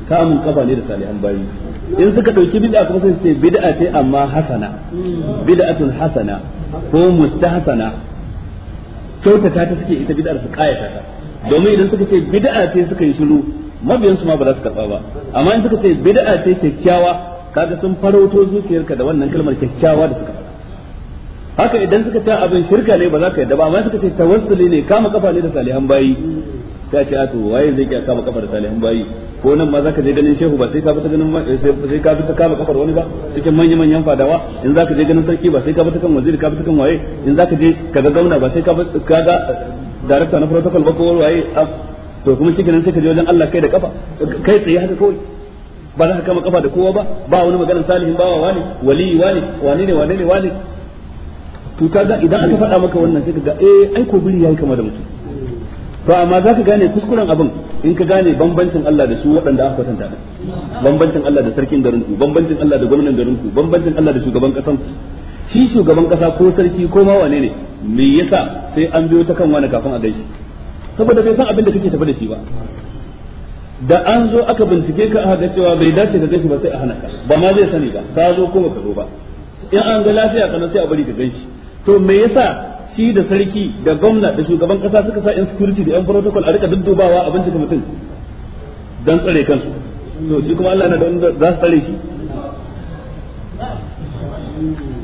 kamun kafa ne da salihan bayi in suka dauki bid'a kuma sai su ce bid'a ce amma hasana bid'atun hasana ko mustahsana kyautata ta suke ita bid'ar su kayata ta domin idan suka ce bid'a ce suka yi shiru mabiyansu ma ba za su karba ba amma in suka ce bid'a ce kyakkyawa kaga sun farauto zuciyarka da wannan kalmar kyakkyawa da suka haka idan suka ce abin shirka ne ba za ka yadda ba amma suka ce tawassuli ne kama kafa ne da salihan bayi sai ce ato waye zai iya kama kafar salihin bayi ko nan ma zaka je ganin shehu ba sai ka fita ganin eh, sai ka fita kama kafar wani ba cikin manyan manyan fadawa in zaka je ganin sarki ba sai ka fita kan waziri ka fita kan waye in zaka je ka ga gauna ba sai ka ga eh, director na protocol ba ko waye to kuma shi kenan sai ka je wajen Allah kai da kafa kai tsaye haka kawai ba za ka kama kafa da kowa ba ba wani maganar salihin bawa wani wali wani wani ne wani ne wani to kaga idan aka faɗa maka wannan sai ka ga eh ai ko biri yayi kama da mutum to amma za ka gane kuskuren abin in ka gane bambancin Allah da su waɗanda aka kwatanta da bambancin Allah da sarkin garin ku bambancin Allah da gwamnan garin ku bambancin Allah da shugaban kasan shi shugaban kasa ko sarki ko ma wane ne me yasa sai an biyo ta kan wani kafin a gaishe saboda bai san abin da kake tafi da shi ba da an zo aka bincike ka aka ga cewa bai dace ka gaishe ba sai a hana ka ba ma zai sani ba ka zo ko ka zo ba in an ga lafiya kana sai a bari ka gaishe to me yasa shi da sarki da gwamna da shugaban kasa suka sa in security da yan protocol a rika duddubawa abin da mutum dan tsare kansu to shi kuma Allah na da wanda za su tsare shi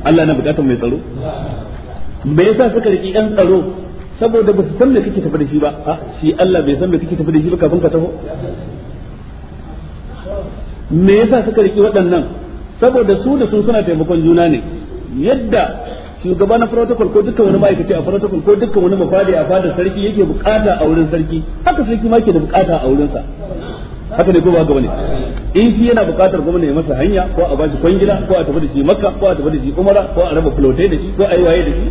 Allah na bukatar mai tsaro me yasa suka riki yan tsaro saboda ba su san me kake tafi da shi ba a ah, shi Allah bai san me kake tafi da shi ba kafin ka taho me yasa suka riki waɗannan saboda su da su suna taimakon juna ne yadda shugaba na protocol ko dukkan wani ma'aikaci a protocol ko dukkan wani mafadi a fadar sarki yake bukata a wurin sarki haka sarki ma ke da bukata a wurinsa
haka ne ko ba ga wani
in shi yana bukatar gwamnati ya masa hanya ko a bashi kwangila ko a tafi da shi makka ko a tafi da shi umara ko a raba flotai da shi ko a yi waye da shi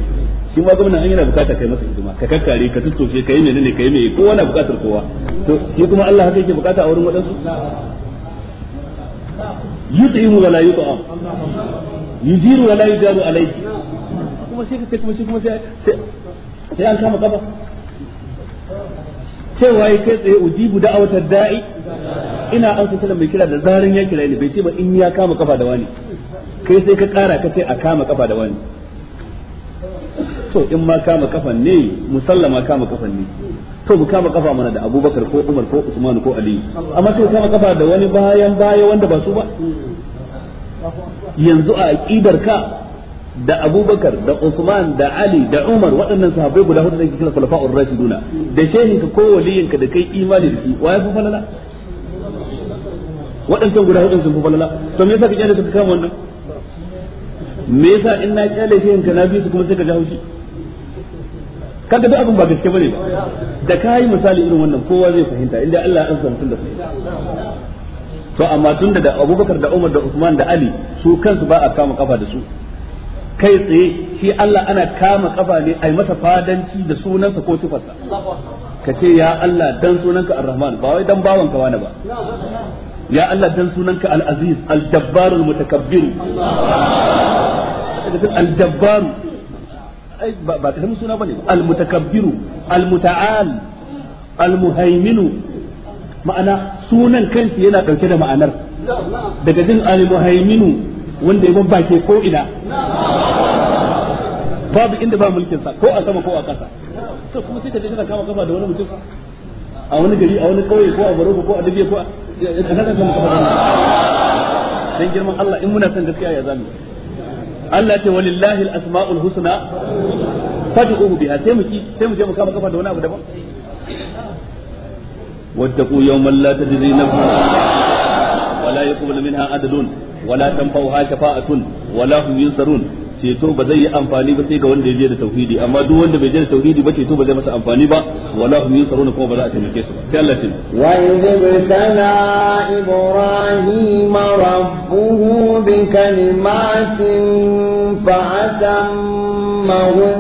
shi ma gwamna an yana bukatar kai masa hidima ka kakkare ka tuttoshe ka yi menene ka yi mai kowa na bukatar kowa to shi kuma Allah haka yake bukata a wurin waɗansu yut'imu wa la yut'am yujiru wala la yujaru alayhi kuma sai kuma shi kuma sai sai an kama kafa cewa ya kai tsaye ujibu da'awatar da'i ina an sallan mai kira da zarin ya kira ni bai ce ba in ya kama kafa da wani kai sai ka kara ka ce a kama kafa da wani to in ma kama kafan ne musallama kama kafan ne to mu kama kafa mana da abubakar ko umar ko usman ko ali amma sai kama kafa da wani bayan baya wanda ba su ba yanzu a aqidar ka da abubakar da usman da ali da umar waɗannan sahabbai guda hudu da ke kira khulafa'ur rashiduna da ka ko ka da kai imani da shi wa ya fi falala waɗancan guda hudun sun fi falala to me yasa ka kyale ka kama wannan me yasa in na kyale ka na bi su kuma sai ka ji haushi
kaga duk abin ba gaske bane ba da kai
misali irin wannan kowa zai fahimta inda Allah ya san da fahimta to amma tunda da Abubakar da Umar da Uthman da Ali su kansu ba a kama kafa da su kai tsaye shi Allah ana kama kafa ne ai masa fadanci da sunansa ko sifarsa ka ce ya Allah dan sunanka ar-rahman ba wai dan bawan ka wani ba ya Allah dan sunanka al-aziz al-jabbar al-mutakabbir al-jabbar ba ta san suna bane al-mutakabbir al-muta'al al-muhaimin ma'ana sunan kansa yana dauke da ma'anar daga jin al-muhaiminu wanda ya babbake ko ina babu inda ba mulkin sa ko a sama ko a ƙasa to kuma sai ka je kana kama kafa da wani mutum a wani gari a wani kauye ko a Maroko ko a Dubiya ko a kana kama kafa dan girman Allah in muna son gaskiya ya zamu Allah ce walillahi al-asma'ul husna fad'uhu biha sai mu ki sai mu je mu kama kafa da wani abu daban wattaqu yawman la tajzi nafsun ولا يقبل منها عدل wala tanfa'uha shafa'atun wala hum yunsarun ceto ba zai yi amfani ba sai ga wanda ya je da tauhidi amma duk wanda bai je da tauhidi ba ceto ba zai masa amfani ba wala hum yunsarun kuma ba za a taimake su ba sai Allah tin wa idh
tala ibrahim rabbuhu bi kalimatin fa atammahum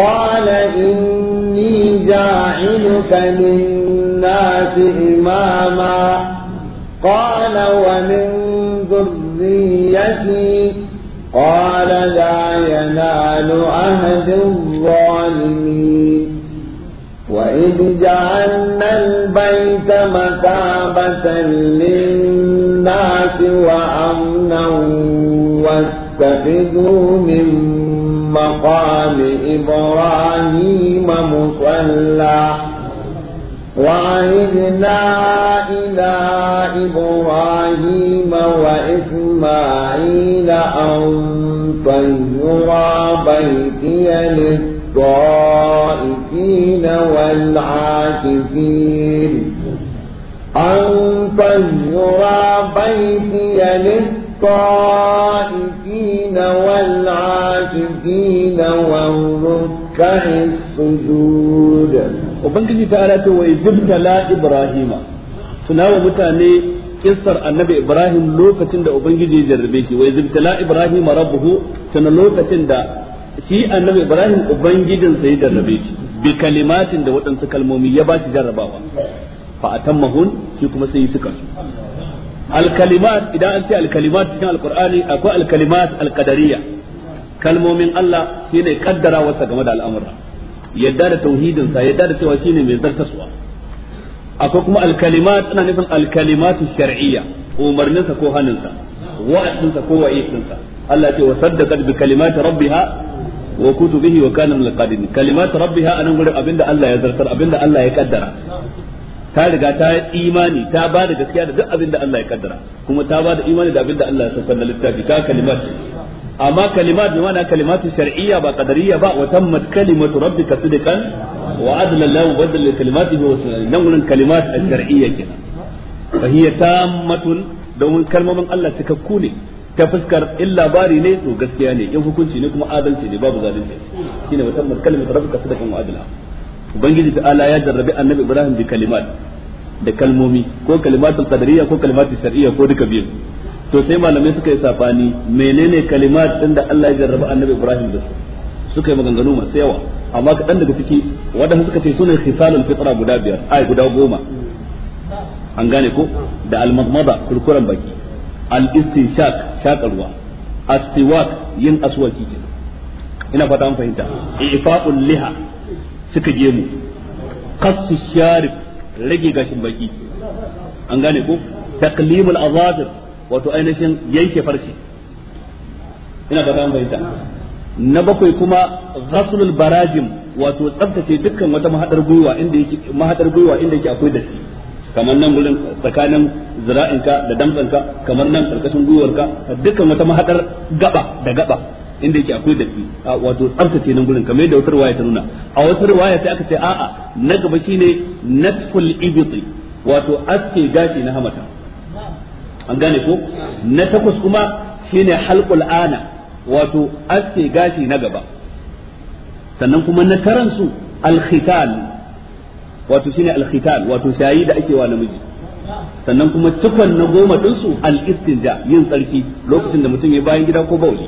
qala inni ja'iluka lin-nasi imama قال ومن ذريتي قال لا ينال عهد الظالمين وإذ جعلنا البيت مثابة للناس وأمنا واتخذوا من مقام إبراهيم مصلى وعهدنا على العاكفين أن تزورا بيتي للطائفين والعاكفين والركع السجود وبنجي تعالى وإذ إبراهيم tunawa mutane kissar
annabi ibrahim lokacin da ubangiji ya jarrabe shi wai zibtala ibrahim rabbuhu tana lokacin da shi annabi ibrahim ubangijinsa ya jarrabe shi bi kalimatin da waɗansu kalmomi ya bashi jarrabawa fa atammahun shi kuma sai yi suka
alkalimat
idan an ce alkalimat cikin alkur'ani akwai alkalimat alqadariyya kalmomin Allah shine kaddara wasa game da al'amura yadda da tauhidin sa yadda da cewa shine mai zartaswa akwai kuma alkalimat ana nufin alkalimatu shar'iyya umarninsa ko hannunsa sa ko wa'idin sa Allah ce wa saddaqat bi kalimati rabbiha wa kutubihi wa kana min alqadin kalimat rabbiha anan gurin abinda Allah ya zartar abinda Allah ya kaddara ta riga ta imani ta ba da gaskiya da duk abinda Allah ya kaddara kuma ta ba da imani da abinda Allah ya saukar littafi ta kalimat amma kalimat bi ma'ana kalimatu shar'iyya ba qadariyya ba wa tammat kalimatu rabbika sidqan wa adla kalima mubaddal li kalimatihi wa nan domin kalmomin Allah cikakku ne ta fuskar in labari ne to gaskiya ne in hukunci ne kuma adalci ne babu zalunci shine wa tammar kalmatu sadaqan wa ubangiji ta ala ya jarrabi annabi ibrahim bi kalimat da kalmomi ko kalimatul qadariyya ko kalimatul shar'iyya ko duka biyu to sai malamai suka yi safani menene kalimat din da Allah ya jarrabi annabi ibrahim da su suka yi maganganu masu yawa amma kaɗan daga ciki waɗanda suka ce sunan khisalul fitra guda biyar ai guda goma an gane ko da almagmada kurkuren baki al-istinshaq shakarwa as-siwak yin aswaki kenan ina fata an fahimta ifa'ul liha suka gemu qassu sharif rage gashin baki an gane ko taqlimul azabir wato ainihin yanke farce ina fata an fahimta na bakwai kuma ghaslul barajim wato tsaftace dukkan wata mahadar gwiwa inda yake mahadar gwiwa inda yake akwai datti kamar nan gurin tsakanin zira'inka da damsanka kamar nan karkashin gwiwarka dukkan wata mahadar gaba da gaba inda yake akwai datti wato tsaftace nan gurin kamar yadda wata riwaya ta nuna a wata riwaya sai aka ce a'a na gaba shine natful ibti wato aske gashi na hamata an gane ko na takwas kuma shine halqul ana wato aske gashi na gaba sannan kuma na taransu al-khitan wato shine al-khital wato shayi da ake wa namiji sannan kuma cikon na goma din su al-istinja yin tsarki lokacin da mutum ya bayan gida ko bauli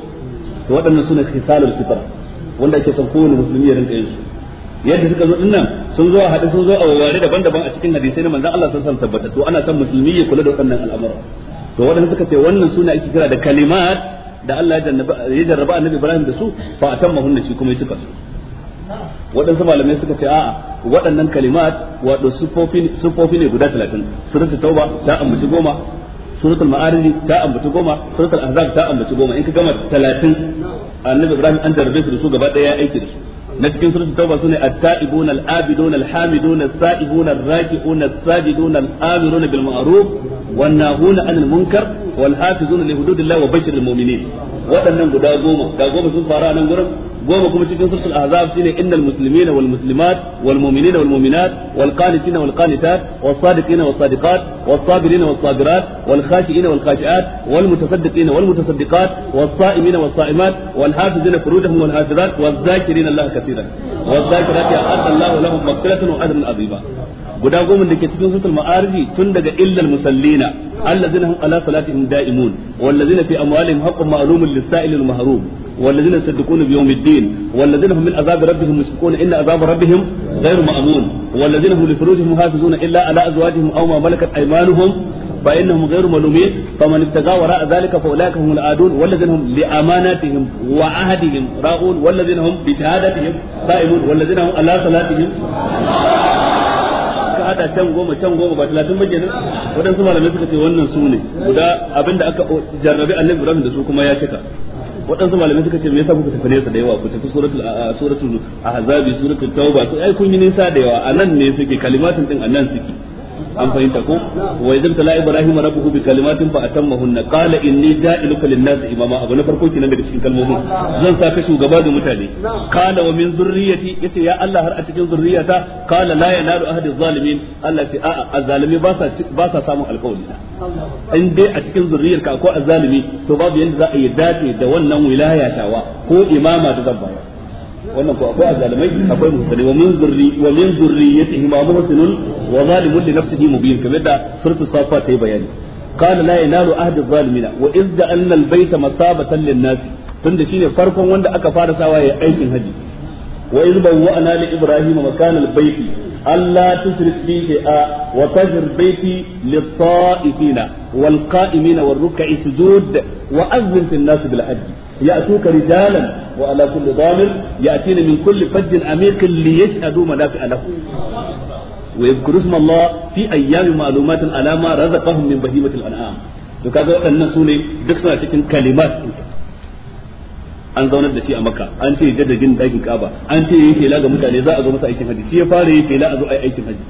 to waɗannan suna khisalul fitra wanda ake son kowane musulmi ya rinka yin su yadda suka zo dinnan sun zo a hadu sun zo a waware daban-daban a cikin hadisai na manzon Allah sun san tabbata to ana son musulmi ya kula da waɗannan al'amura to waɗanda suka ce wannan suna ake kira da kalimat da Allah ya jarraba annabi Ibrahim da su fa atammahunna shi kuma ya cika su waɗansu malamai suka ce a'a waɗannan kalimat wato sufofi ne guda talatin suratul tauba ta ambaci goma suratul ma'arij ta ambaci goma suratul ahzab ta ambaci goma in ka gama talatin annabi ibrahim an jarrabe su da su gaba ɗaya aiki da su na cikin suratul tauba sune at-ta'ibun al-abidun al-hamidun as-sa'ibun ar-raki'un as-sajidun al-amirun bil ma'ruf wan nahuna 'anil munkar wal hafizuna li hududillahi wa waɗannan guda goma goma sun fara nan gurin goma kuma cikin suratul ahzab shine innal muslimina wal muslimat wal mu'minina wal mu'minat wal qanitina wal qanitat was sadiqina was sadiqat was sabirina was sabirat wal khashiina wal khashiat wal mutasaddiqina wal mutasaddiqat was sa'imina was sa'imat wal hafizina furujahum wal hafizat zakirina allaha katiran allahu lahum maghfiratan wa ajran guda goma da ke cikin suratul ma'arij tun daga illal musallina allazina hum ala salatihim da'imun wallazina fi amwalihim haqqun ma'lumun lis-sa'il al-mahrum والذين يصدقون بيوم الدين والذين هم من عذاب ربهم مشفقون ان عذاب ربهم غير مامون والذين هم لفروجهم محافظون الا على ازواجهم او ما ملكت ايمانهم فانهم غير ملومين فمن ابتغى وراء ذلك فاولئك هم العادون والذين هم لاماناتهم وعهدهم راؤون والذين هم بشهادتهم قائمون والذين هم على صلاتهم aka hada can goma can goma ba talatin ba kenan waɗansu malamai suka ce wannan su ne guda da aka jarrabi annabi ibrahim da su kuma ya cika waɗansu malamai suka ce me yasa kuka tafi nesa da yawa ku tafi suratul suratul ahzabi suratul tauba sai kun yi nisa da yawa anan ne suke kalimatun din anan suke an fahimta ko wa idan tala ibrahim rabbuhu bi kalimatin fa atammahunna qala inni ja'iluka lin-nas imama abu na farko kenan daga cikin kalmomin zan sa ka shugaba ga mutane qala wa min zurriyati yace ya Allah har a cikin zurriyata qala la yanaru ahadiz zalimin Allah ce a'a azzalimi ba sa ba sa samun alƙawari in dai a cikin zurriyarka ko azzalimi to babu yanda za a yi dace da wannan wilaya tawa ko imama da zan bayar wannan ko akwai azalimai akwai muhsani wa min zurri wa min zurriyatihi ma muhsinun wa zalimun li nafsihi mubin kamar da suratul safa ta yi bayani قال لا ينال عهد الظالمين وإذ جعلنا البيت مثابة للناس tunda shine farkon wanda aka fara sawa ya aikin haji wa iz bawwa'na li ibrahima makanal baiti ألا تشرك بي شيئا وطهر بيتي للطائفين والقائمين والركع سجود وأذن في الناس بالحج يأتوك رجالا وعلى كل ضامر يأتين من كل فج عميق ليشهدوا منافع له ويذكر اسم الله في أيام معلومات على ما رزقهم من بهيمة الأنعام وكذا kaga waɗannan su ne كلمات an zaunar da shi a makka an ce jadda gin dakin kaba an ce yake shela ga mutane za a zo masa aikin haji shi ya fara yake shela a zo ai aikin haji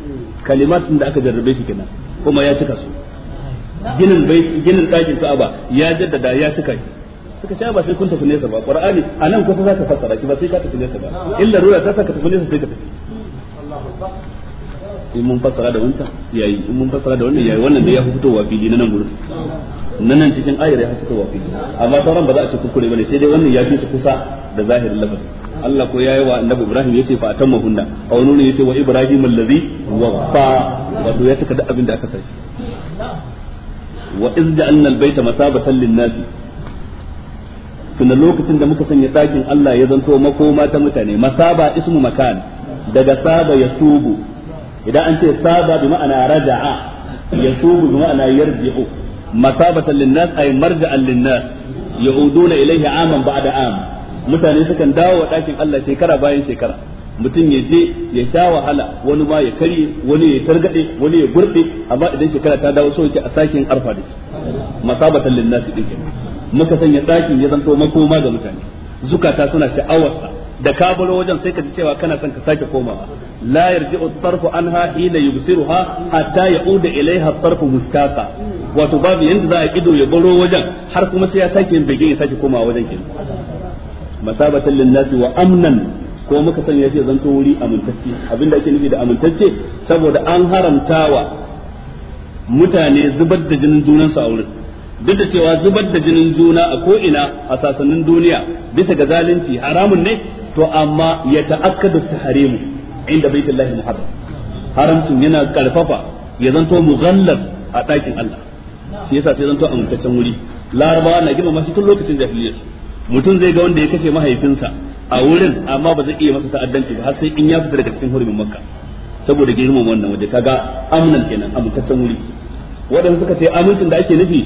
kalimat din da aka jarrabe shi kenan kuma ya cika su ginin bai ginin dakin kaba ya jaddada ya cika shi suka ce ba sai kun tafi nesa ba qur'ani anan kusa zaka fassara shi ba sai ka tafi nesa ba illa ruwa ta saka tafi nesa sai ka tafi in mun fassara da wancan yayi in mun fassara da wannan yayi wannan da ya fi fitowa fili na nan gurin nan nan cikin ayar ya haska wa fihi amma sauran ba za a ce kuskure bane sai dai wannan ya fi su kusa da zahirin lafazin Allah ko yayi wa annabi Ibrahim yace fa atamma hunna a wani ne yace wa Ibrahim allazi wafa wato ya saka da abin da aka sace. wa iz ja'alna al-baita masabatan lin-nas tunda lokacin da muka sanya dakin Allah ya zanto makoma ta mutane masaba ismu makan daga saba ya tubu idan an ce saba bi ma'ana raja'a ya tubu bi ma'ana yarji'u masabatan linnas ay marja'an linnas yauduna ilaihi aman da am mutane sukan dawo wa ɗakin Allah shekara bayan shekara mutum ya je ya sha wahala wani ma ya karye wani ya targade wani ya gurde amma idan shekara ta dawo so yake a sakin arfa da shi masabatan linnas din muka sanya dakin ya zanto makoma ga mutane zukata suna sha'awarsa da ka wajen sai ka ji cewa kana son ka sake komawa لا يرجع الطرف عنها anha يبصرها حتى يعود ya'uda الطرف مشتاقا وتباب muskaka wato babu yanda za a ido ya baro wajen har kuma sai ya sake yin bege ya sake komawa wajen wa amnan ko muka sanya shi to wuri amintacce da ake nufi da amintacce saboda an haramtawa mutane zubar da jinin junansu a wurin duk da cewa zubar da jinin juna a ko'ina a sasannin duniya bisa ga zalunci haramun ne to amma ya ta'akkadu mu. inda baitullahi muharram haramcin yana karfafa ya zanto mughallab a ɗakin Allah shi yasa sai zanto amintaccen wuri larabawa na gina masu tun lokacin jahiliyyar mutum zai ga wanda ya kashe mahaifinsa a wurin amma ba zai iya masa ta'addanci ba har sai in ya fita daga cikin hurumin makka saboda girman wannan waje kaga amnan kenan amintaccen wuri waɗanda suka ce amincin da ake nufi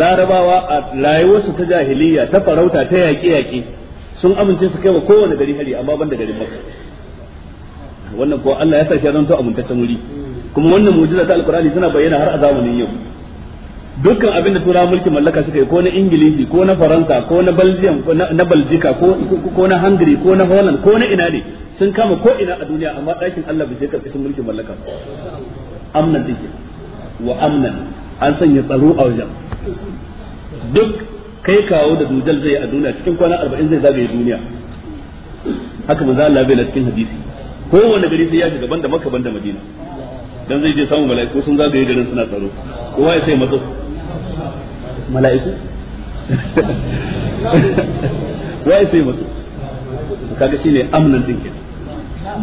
larabawa a rayuwarsu ta jahiliya ta farauta ta yaƙe-yaƙe sun amince su kai wa kowane gari hari amma ban da garin makka wannan ko Allah ya sa shi zanto abuntaccen wuri kuma wannan mu'jiza ta alqur'ani tana bayyana har a zamanin yau dukkan abin da turawa mulkin mallaka suka yi ko na ingilishi ko na faransa ko na belgium ko na baljika ko na hungary ko na holland ko na ina ne sun kama ko ina a duniya amma ɗakin allah bai je sun mulkin mallaka amnan dake wa amnan an sanya tsaro a wajen duk kai kawo da dujal zai a duniya cikin kwana arba'in zai zagaye duniya haka manzo Allah bai cikin hadisi kowanne gari sai ya shiga banda makka banda madina dan zai je samu mala'iku sun zagaye garin suna tsaro kowa ya sai matso mala'iku kowa ya sai matso to kaga shine amnan din ke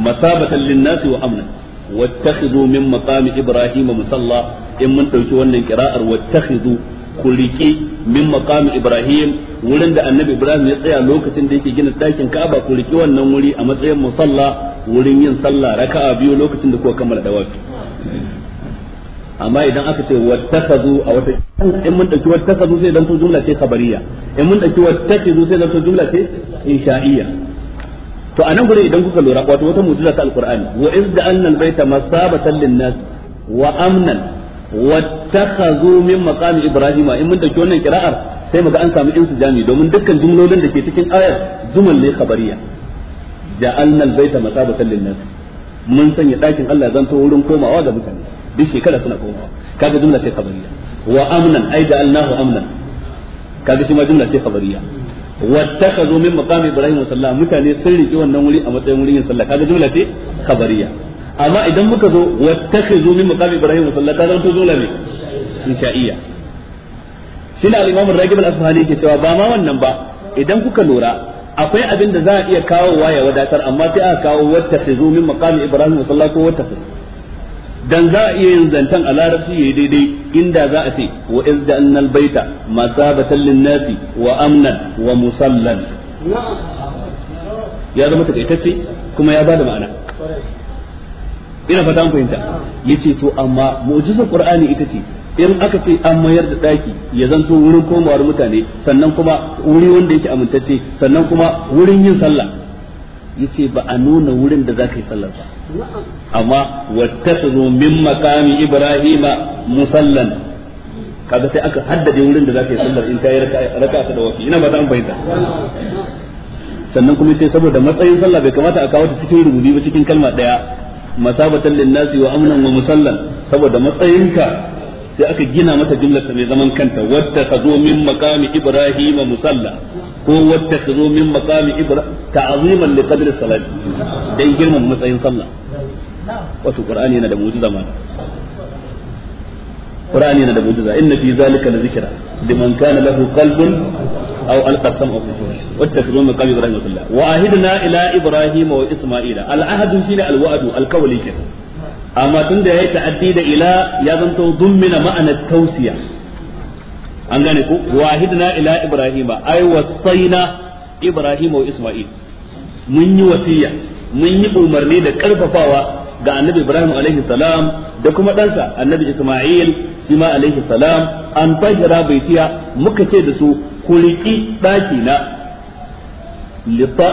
masabatan nasi wa amnan wattakhidhu min maqami ibrahim musalla in mun dauki wannan qira'ar wattakhidhu ku riƙe min maqami ibrahim wurin da annabi ibrahim ya tsaya lokacin da yake gina dakin ka'aba ku riƙe wannan wuri a matsayin musalla wurin yin sallah raka a biyu lokacin da kuka kammala dawafi amma idan aka ce wattakhadhu a wata in mun dauki wattakhadhu sai dan to jumla ce khabariya in mun dauki wattakhadhu sai dan to jumla ce insha'iyya to anan gure idan kuka lura wato wata mu'jiza ta alqur'ani wa izda anna albayta masabatan linnas wa amnan wattakhadhu min maqami ibrahima in mun dauki wannan kira'ar sai muga an samu insijami domin dukkan jumlolin da ke cikin ayar jumal ne khabariya ja'alna albayta masabatan lin-nas mun sanya dakin Allah zanto wurin komawa ga mutane duk shekara suna komawa kaga jumla ce khabariya wa amnan ai ja'alnahu amnan kaga shi ma jumla ce khabariya min maqami ibrahim sallallahu mutane sun riki wannan wuri a matsayin wurin yin sallah kaga jumla ce khabariya amma idan muka zo min maqami ibrahim sallallahu kaga to jumla ne insha'iyya shi ne al-imam al-ragib ke cewa ba ma wannan ba idan kuka lura akwai abin da za a iya kawowa ya wadatar amma sai aka kawo wata ta zo min maqami ibrahim wa sallallahu wata wa sallam dan za a iya yin zantan a larabci yayi daidai inda za a ce wa izdanna albayta masabatan linnasi wa amnan wa musallan ya zama takaitacce kuma ya bada ma'ana ina fata an fahimta yace to amma mu'jizar qur'ani ita ce in aka ce an mayar da daki ya zanto wurin komawar mutane sannan kuma wuri wanda yake amintacce sannan kuma wurin yin sallah yace ba a nuna wurin da zaka yi sallar ba amma wattakhudhu min makami ibrahima musallan kaga sai aka haddade wurin da zaka yi sallar in kai raka ta wafi ina ba zan bayyana sannan kuma sai saboda matsayin sallah bai kamata a kawo ta cikin rububi ba cikin kalma daya masabatan nasi wa amnan wa musallan saboda matsayinka sai aka gina mata jumlarta mai zaman kanta wadda ka zo min makami ibrahim musalla ko wadda ka zo min makami ibrahim salati dan matsayin sallah wato qur'ani yana da mu'jiza ma qur'ani yana da mu'jiza inna fi zalika la zikra liman kana lahu qalbun aw alqa sam'a fi wadda ka zo min makami ibrahim musalla wa ahidna ila ibrahim wa isma'ila al ahadu shine al wa'du al qawli kenan amma tun da yayi ta'addi da ila ya zanto dummina ma'anar tausiya an gane ku wahidna ila ibrahima ay wasaina ibrahima wa isma'il mun yi wasiya mun yi umarni da karfafawa ga annabi ibrahim alaihi salam da kuma ɗansa annabi isma'il shi ma alaihi salam an tahira baitiya muka ce da su kuliki ɗakina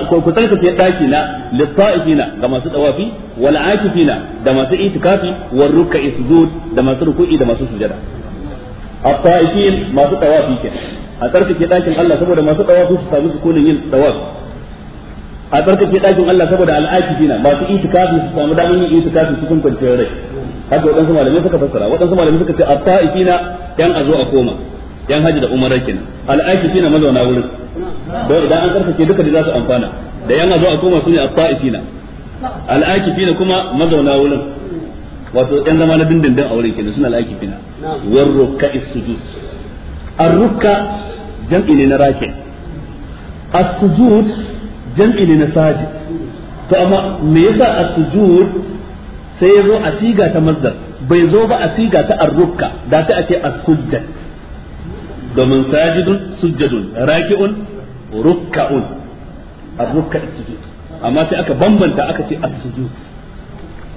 ko ku tsarkake daki na litta'ifina ga masu tawafi wal akifina da masu itikafi wal ruk'i sujud da masu ruku'i da masu sujada at-ta'ifin masu tawafi ke a tsarkake dakin Allah saboda masu tawafi su samu sukunin yin tawafi a tsarkake ɗakin Allah saboda al-akifina masu itikafi su samu damar yin itikafi cikin kwanciyar rai haka waɗansu malamai suka fassara waɗansu malamai suka ce at-ta'ifina yan azo a koma yan haji da umara kenan al'aiki na mazauna wurin ko idan an karfafe duka da za su amfana da yan azo a koma su ne at-ta'ifina al'akifina kuma mazauna wurin wato yan zama na dindindin a wurin kenan suna al'akifina war rukka sujud ar-rukka jam'i ne na rake as-sujud jam'i ne na sajid to amma me yasa as-sujud sai ya zo a siga ta masdar bai zo ba a siga ta ar da ta a ce as-sujud domin sajidun sujjadun raki'un rukka'un ar-rukka sujud amma sai aka bambanta aka ce as-sujud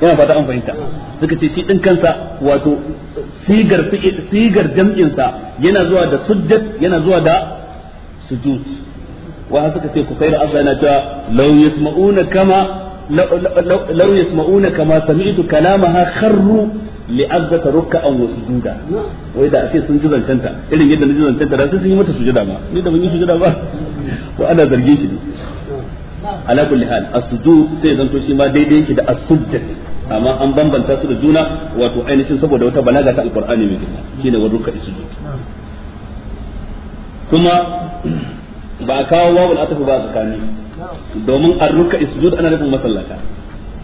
ina fata an fahimta suka ce shi din kansa wato sigar sigar jam'in sa yana zuwa da sujjad yana zuwa da sujud wa suka ce ku sayar azza yana cewa law yasma'una kama law yasma'una kama sami'tu kalamaha kharru li'azzata ruk'an wa sujuda wai da ace sun ji zancanta irin yadda na ji zancanta da sai sun yi mata sujuda ma ni da ban yi sujuda ba ko ana zargin shi ne ala kulli hal as-sujud sai zanto shi ma daidai yake da as-sujud amma an bambanta su da juna wato ainihin saboda wata balaga ta alqur'ani mai girma shine wa ruk'a sujud kuma ba a kawo wawul atafu ba tsakani domin ar-ruk'a sujud ana nufin masallata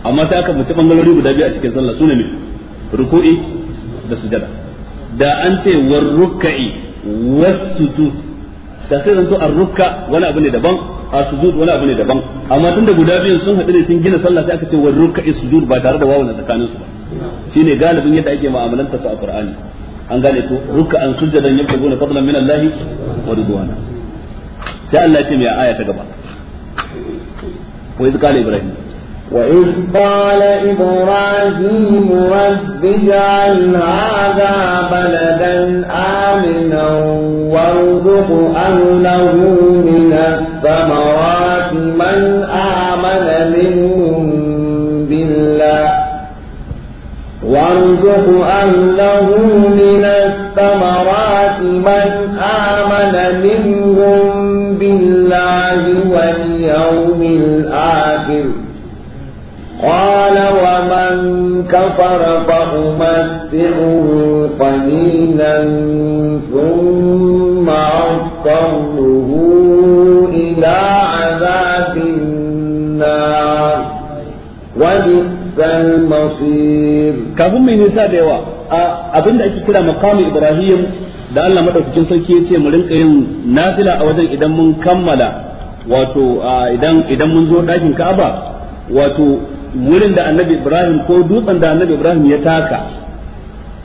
amma sai aka mace bangalori guda biyu a cikin sallah sune ne ruku'i da sujada da an ce war ruk'i was-sujud da sai zanto ar-ruk'a wani abu ne daban a sujud wani abu ne daban amma tunda guda biyun sun haɗu ne sun gina sallah sai aka ce war ruk'i sujud ba tare da wawu na tsakanin su ba shine galibin yadda ake mu'amalanta su a Qur'ani an gane to ruk'an sujadan gona fadlan min Allah wa ridwana sai Allah ya ce mai aya ta gaba wa iz qala ibrahim
وإذ قال إبراهيم رب اجعل هذا بلدا آمنا وارزق أهله من الثمرات من آمن منهم بالله وارزق أهله من الثمرات كفر فأمتعه قليلا ثم أضطره إلى عذاب النار وبئس المصير
كهم من نساء ديوا أبن دا كلا مقام إبراهيم da Allah madaukakin sarki ya ce mu rinka yin nafila a wajen idan mun kammala wato idan idan mun zo dakin Ka'aba wato wurin da annabi ibrahim ko dutsen da annabi ibrahim ya taka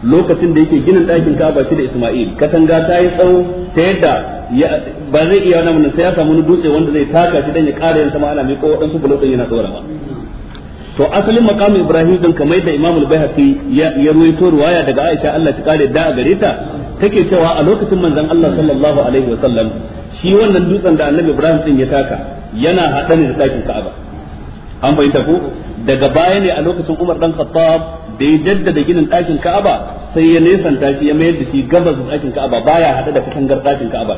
lokacin da yake ginin ɗakin kaba shi da isma'il katanga ta yi tsawo ta yadda ba zai iya wani mun sai ya samu dutse wanda zai taka shi dan ya ƙara yin sama ana mai ko waɗansu bulokan yana ba to asalin makamin ibrahim din kamar da imam al-baihaqi ya ruwaito ruwaya daga aisha Allah ta kare da a gare ta take cewa a lokacin manzon Allah sallallahu alaihi wa sallam shi wannan dutsen da annabi ibrahim din ya taka yana haɗa ne da ɗakin kaba an bayyana ko daga baya ne a lokacin Umar dan Khattab da ya jaddada ginin ɗakin Ka'aba sai ya nesanta shi ya mayar da shi gabas ɗakin Ka'aba baya hada da katangar ɗakin Ka'aba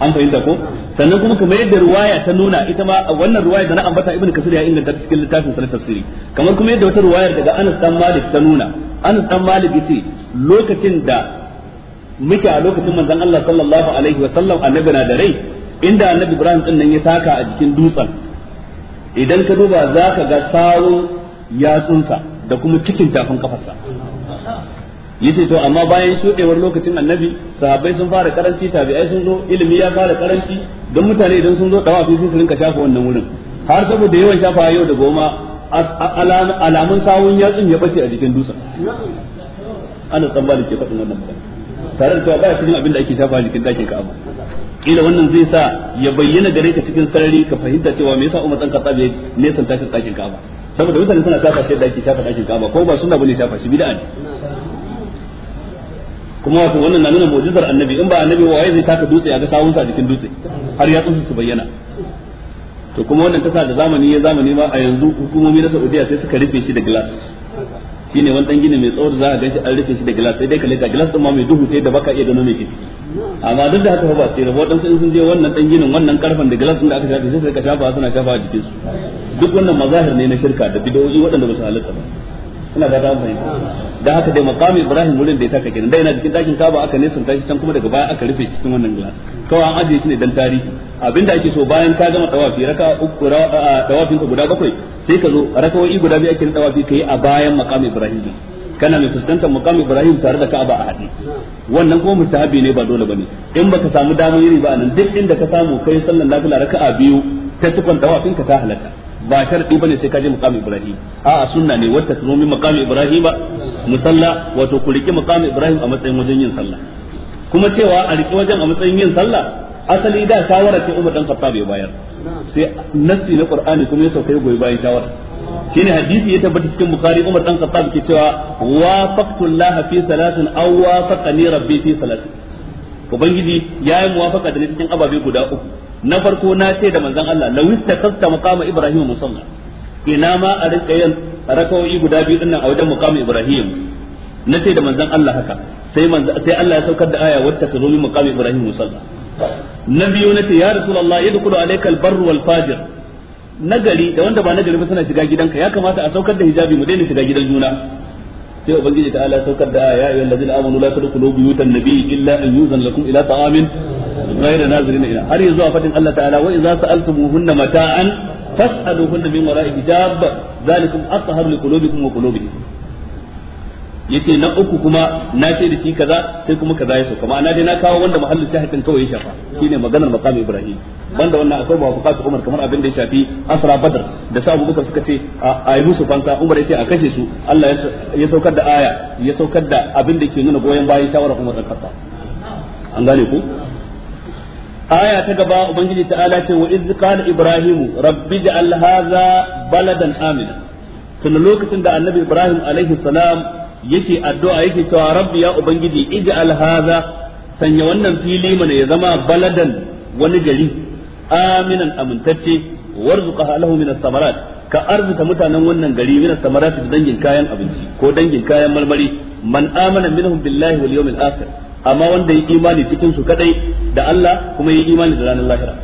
an fahimta ko sannan kuma kamar yadda ruwaya ta nuna ita ma wannan ruwaya da na ambata ibnu kasir ya inganta cikin littafin sa tafsiri kamar kuma yadda wata ruwayar daga Anas dan Malik ta nuna Anas dan Malik yace lokacin da muke a lokacin manzon Allah sallallahu alaihi wa sallam annabi na da rai inda annabi Ibrahim din nan ya saka a jikin dutsen idan ka duba za ka ga sawun yatsunsa da kuma cikin tafin kafarsa yace to amma bayan shudewar lokacin annabi sahabbai sun fara karanci tabi'ai sun zo ilimi ya fara karanci don mutane idan sun zo dawafi sai su rinka shafa wannan wurin har saboda yawan shafa yau da goma alamun sawun yatsun ya bace a jikin dusa. ana tsammanin ke faɗin wannan magana tare da cewa fi cikin abin da ake shafa a jikin dakin ka'aba kila wannan zai sa ya bayyana gare ka cikin sarari ka fahimta cewa me yasa Umar dan Khattab ya nesan tashi dakin Ka'aba saboda mutane suna shafa sai dakin shafa dakin Ka'aba ko ba sunna bane shafa shi bid'a ne kuma wato wannan na nuna mu'jizar annabi in ba annabi wa zai taka dutse ya ga sawun sa jikin dutse har ya tsunsu su bayyana to kuma wannan tasa da zamani ya zamani ma a yanzu hukumomi na Saudiya sai suka rufe shi da glass shine wani dan gini mai tsawon za a ganshi an rufe shi da glass sai dai ka leka glass din ma mai duhu sai da baka iya gano mai ciki amma duk da haka ba sai rabo dan sun sun je wannan dan ginin wannan karfan da glass din da aka shafa sai ka shafa suna shafa a jikin
su duk
wannan mazahir ne na shirka da bidoyi waɗanda ba su halatta ba ina ba ta amfani da haka dai maqam ibrahim wurin da ya saka kenan dai yana cikin dakin kaba aka nesan tashi can kuma daga baya aka rufe cikin wannan glass kawai an ajiye shi ne dan tarihi abinda ake so bayan ka gama tawafi raka uku tawafin ka guda bakwai sai ka zo rakawoyi guda biyu ake tawafi kai a bayan maqam ibrahim kana mai fuskantar maqam ibrahim tare da ka'aba a hade wannan kuma mustahabi ne ba dole bane in baka samu damar yiri ba nan duk inda ka samu kai sallan nafila raka'a biyu ta cikon tawafin ka ta halatta ba sharadi bane sai ka je maqam ibrahim a sunna ne wata tuno min maqam ibrahim musalla wato ku riki maqam ibrahim a matsayin wajen yin sallah kuma cewa a riki wajen a matsayin yin sallah asali da shawara ce Umar dan Khattab ya bayar sai nassi na Qur'ani kuma ya sauka goyi bayan shawara shine hadisi ya tabbata cikin Bukhari Umar dan Khattab ke cewa wa Allah fi salatin aw faqani rabbi fi salatin ubangiji ya yi muwafaka da ni cikin ababe guda uku na farko na ce da manzon Allah lawis ta kasta muqama ibrahim musamman ina ma a rika yin rakawoyi guda biyu din nan a wajen muqama ibrahim na ce da manzon Allah haka sai sai Allah ya saukar da aya wata ka zo min ibrahim musamman na biyu na ce ya rasulullah yadkhulu alayka bar wal fajir nagari da wanda ba nagari ba suna shiga gidanka ya kamata a saukar da hijabi mu daina shiga gidan juna sai ubangiji ta'ala saukar da ya ayyuhal ladina amanu la tadkhulu buyutan nabiy illa an yuzan lakum ila ta'amin
ghayra nazirin
ila har yanzu a fadin Allah ta'ala wa idza sa'altumuhunna mata'an fas'aluhunna min wara'i hijab dhalikum athharu liqulubikum wa qulubihim yace na uku kuma na ce da shi kaza sai kuma kaza ya sauka ma'ana dai na kawo wanda muhallin shahidin kawai ya shafa shine maganar maqam ibrahim banda wannan akwai mawafaqat umar kamar abin da ya shafi asra badr da sa abubakar suka ce a yi musu fansa umar yace a kashe su Allah ya saukar da aya ya saukar da abin da ke nuna goyen bayan shawara umar da kafa an gane ku aya ta gaba ubangiji ta'ala ce wa iz qala ibrahimu rabbi ja'al hadha baladan amina tun lokacin da annabi ibrahim alaihi salam yake addu'a yake cewa rabbi ya ubangiji ij'al hadha sanya wannan fili mana ya zama baladan wani gari aminan amintacce warzuqa lahu min as-samarat ka arzuta mutanen wannan gari min as-samarat da dangin kayan abinci ko dangin kayan marmari man amana minhum billahi wal yawmil akhir amma wanda ya imani cikin su kadai da Allah kuma ya imani da ranar lahira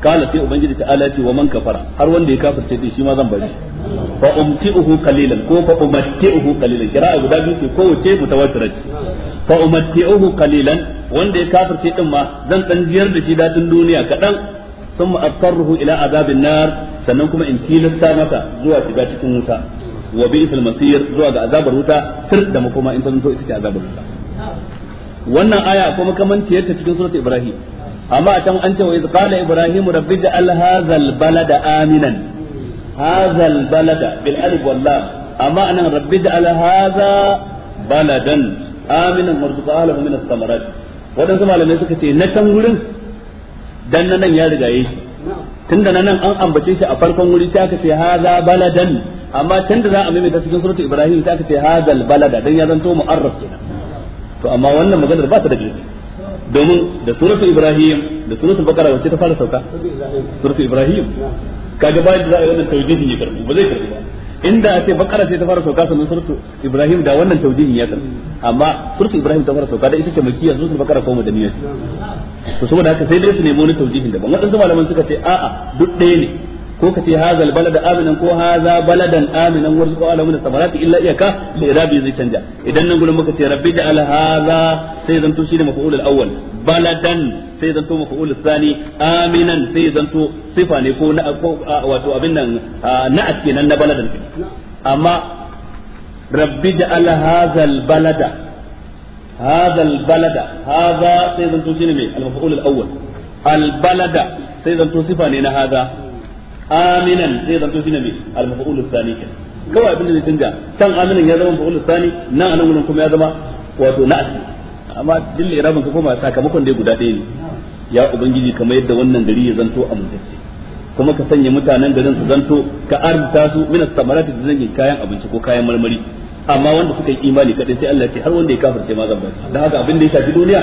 kala sai ubangiji ta ala ce wa man kafara har wanda ya kafirce din shi ma zan bashi fa umti'uhu qalilan ko fa umatti'uhu qalilan kira'a guda biyu ce kowace mutawatirat fa umatti'uhu qalilan wanda ya kafirce din ma zan dan jiyar da shi dadin duniya kadan thumma aqarruhu ila azabin nar sannan kuma in tilasta masa zuwa shiga cikin wuta wa bi'sal masir zuwa ga azabar wuta sir da makoma in ta zanto ita ce azabar wuta wannan aya ko makamanciyar ta cikin suratul ibrahim amma a can an ce wa iz qala ibrahim rabbi ja'al hadha al balada aminan hadha albalada bil alif wal lam amma anan rabbi ja'al hadha baladan aminan warzuqa ahlahu min ath-thamarat wadansu malamai suka ce na can gurin dan nan ya riga yi shi tunda nan an ambace shi a farkon wuri ta ce haza baladan amma tun da za a maimaita cikin surutu ibrahim ta ce haza balada dan ya zanto mu'arraf kenan to amma wannan maganar ba ta da gaske domin da surutu ibrahim da surutu baqara wacce ta fara sauka surutu ibrahim kaga bayan da za a yi wannan taujihin ya karbu ba zai karbu ba inda a bakara sai ta fara sauka sannan surtu ibrahim da wannan taujihin ya karbu amma surtu ibrahim ta fara sauka da ita ce makiyya surtu bakara ko madaniya ce to saboda haka sai dai su nemi wani taujihin daban wadansu malaman suka ce a'a duk ɗaya ne ko ka ce haza albalad aminan ko haza baladan aminan wa rizqu ala min samarati illa iyaka li irabi zai canja idan nan gurin muka ce rabbi da al haza sai zanto shi da maf'ul al awwal baladan sai zanto maf'ul thani aminan sai zanto sifa ne ko na wato abin nan na na baladan amma rabbi balada balada sai zanto shine mai al maf'ul al awwal al balada sai zanto sifa ne na aminan sai zanto shine mai al maf'ul kawai abin da canja san aminan ya zama maf'ul nan anan kuma ya zama wato na amma dille irabin ka koma sakamakon dai guda ɗaya ne ya ubangiji kamar yadda wannan gari ya zanto mutacce kuma ka sanya mutanen garin su zanto ka arzuta su mina samarati da zangin kayan abinci ko kayan marmari amma wanda suka yi imani kadai sai Allah ce har wanda ya kafirce ma zan ba su dan haka abin da ya shafi duniya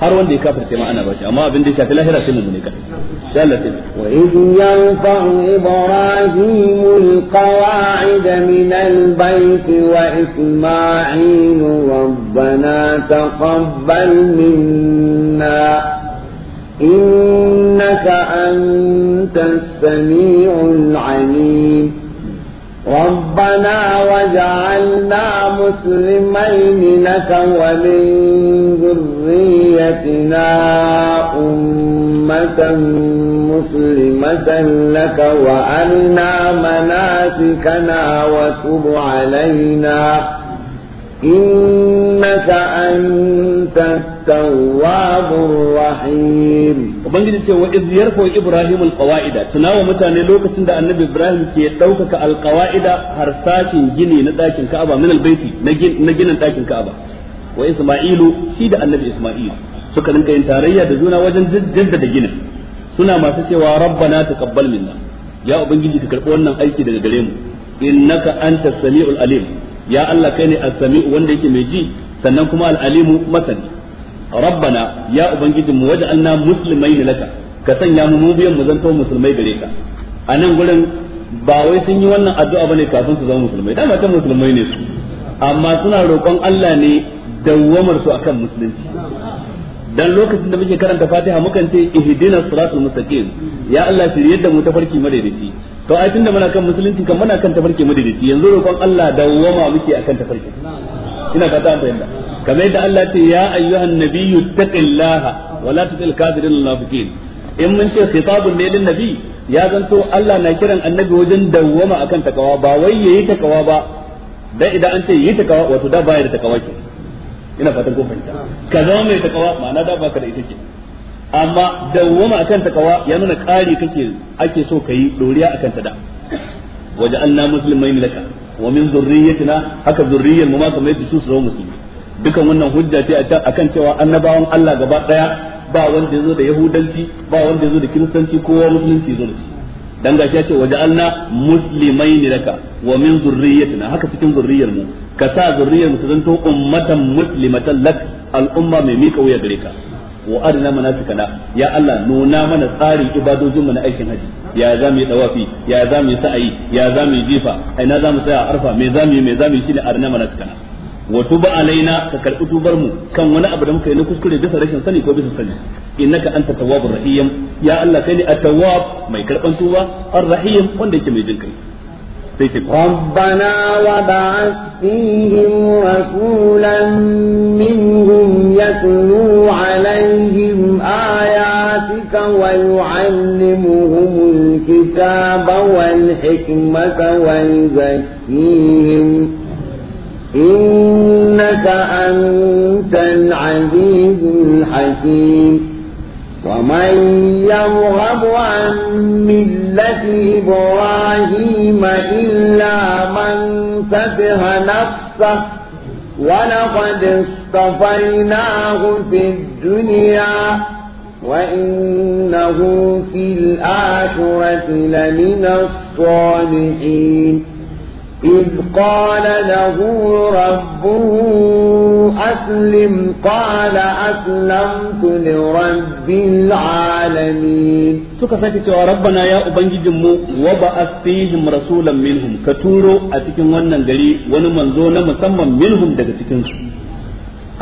har wanda ya kafirce ma ana bashi amma abin da ya shafi lahira sai mun ne kadai sai Allah ta
wa idh yanfa'u ibrahim alqawa'id min albayt wa isma'il rabbana taqabbal minna إنك أنت السميع العليم ربنا وجعلنا مسلمين لك ومن ذريتنا أمة مسلمة لك وأرنا مناسكنا وتب علينا إنك أنت التواب
الرحيم ubangiji ce wa iz yarfa ibrahim alqawaida tunawa mutane lokacin da annabi ibrahim ke daukaka alqawaida sakin gini na dakin ka'aba min albayti na ginin dakin ka'aba wa isma'ilu shi da annabi isma'il suka rinka yin tarayya da juna wajen jaddada ginin suna masu cewa rabbana taqabbal minna ya ubangiji ka karbi wannan aiki daga gare mu innaka antas samiul alim ya Allah kai ne as-sami'u wanda yake mai ji sannan kuma al-alimu masani ربنا ya ubangiji mu waj'alna muslimaina laka ka sanya mu mu biyan mu zanto musulmai gare ka anan gurin ba wai sun yi wannan addu'a bane kafin su zama musulmai dama ta musulmai ne su amma suna roƙon Allah ne dawwamar su akan musulunci dan lokacin da muke karanta Fatiha mukan ce ihdinas siratal mustaqim ya Allah shirye da mu tafarki madaidaici to ai tunda muna kan musulunci kan muna kan tafarki madaidaici yanzu roƙon Allah dawwama muke akan tafarki ina fata an fahimta kamar yadda Allah ce ya ayyuhan nabiyyu taqillaha wa la tuqil kafirin munafiqin in mun ce khitabun ne lin nabi ya zanto Allah na kiran annabi wajen dawwama akan takawa ba wai yayi takawa ba dan idan an ce yi takawa wato da bayar da takawa ke ina fatan ko fahimta ka zama mai takawa ma'ana da baka da ita ke amma dawwama akan takawa ya nuna ƙari kake ake so kayi doriya akan ta da waja'alna muslimain laka wa min dhurriyyatina haka dhurriyyar mu ma kamar yadda su su zama musulmi dukan wannan hujja ce a kan cewa annabawan Allah gaba daya ba wanda ya zo da yahudanci ba wanda ya zo da kiristanci kowa musulunci zo da shi dan gashi ya ce waja'alna muslimaini laka wa min zurriyyatina haka cikin zurriyar mu ka sa zurriyar mu ta zanto ummatan muslimatan lak al'umma mai mika wuya gare ka wa arina manasikana ya Allah nuna mana tsari ibadojin mu na aikin haji ya za mu yi dawafi ya za mu yi sa'ayi ya za mu yi jifa aina za mu tsaya arfa me za mu yi me za mu yi shine arina manasikana wa tuba alaina ka karbi tubar mu kan wani abu da muka yi na kuskure bisa rashin sani ko bisa sani innaka anta tawwabur rahim ya Allah kai ne at-tawwab mai karban tuba ar-rahim wanda yake mai jin kai sai ce rabbana
wa ba'ath fihim rasulan minhum yatlu alaihim ayatika wa yu'allimuhum al-kitaba wal hikmata wa yuzakkihim إنك أنت العزيز الحكيم ومن يرغب عن ملة إبراهيم إلا من سفه نفسه ولقد اصطفيناه في الدنيا وإنه في الآخرة لمن الصالحين إذ قال له ربه أسلم قال أسلمت لرب العالمين suka sake cewa rabbana ya ubangijin mu
wa ba fihim rasulan minhum ka turo a cikin wannan gari wani manzo na musamman minhum daga cikin su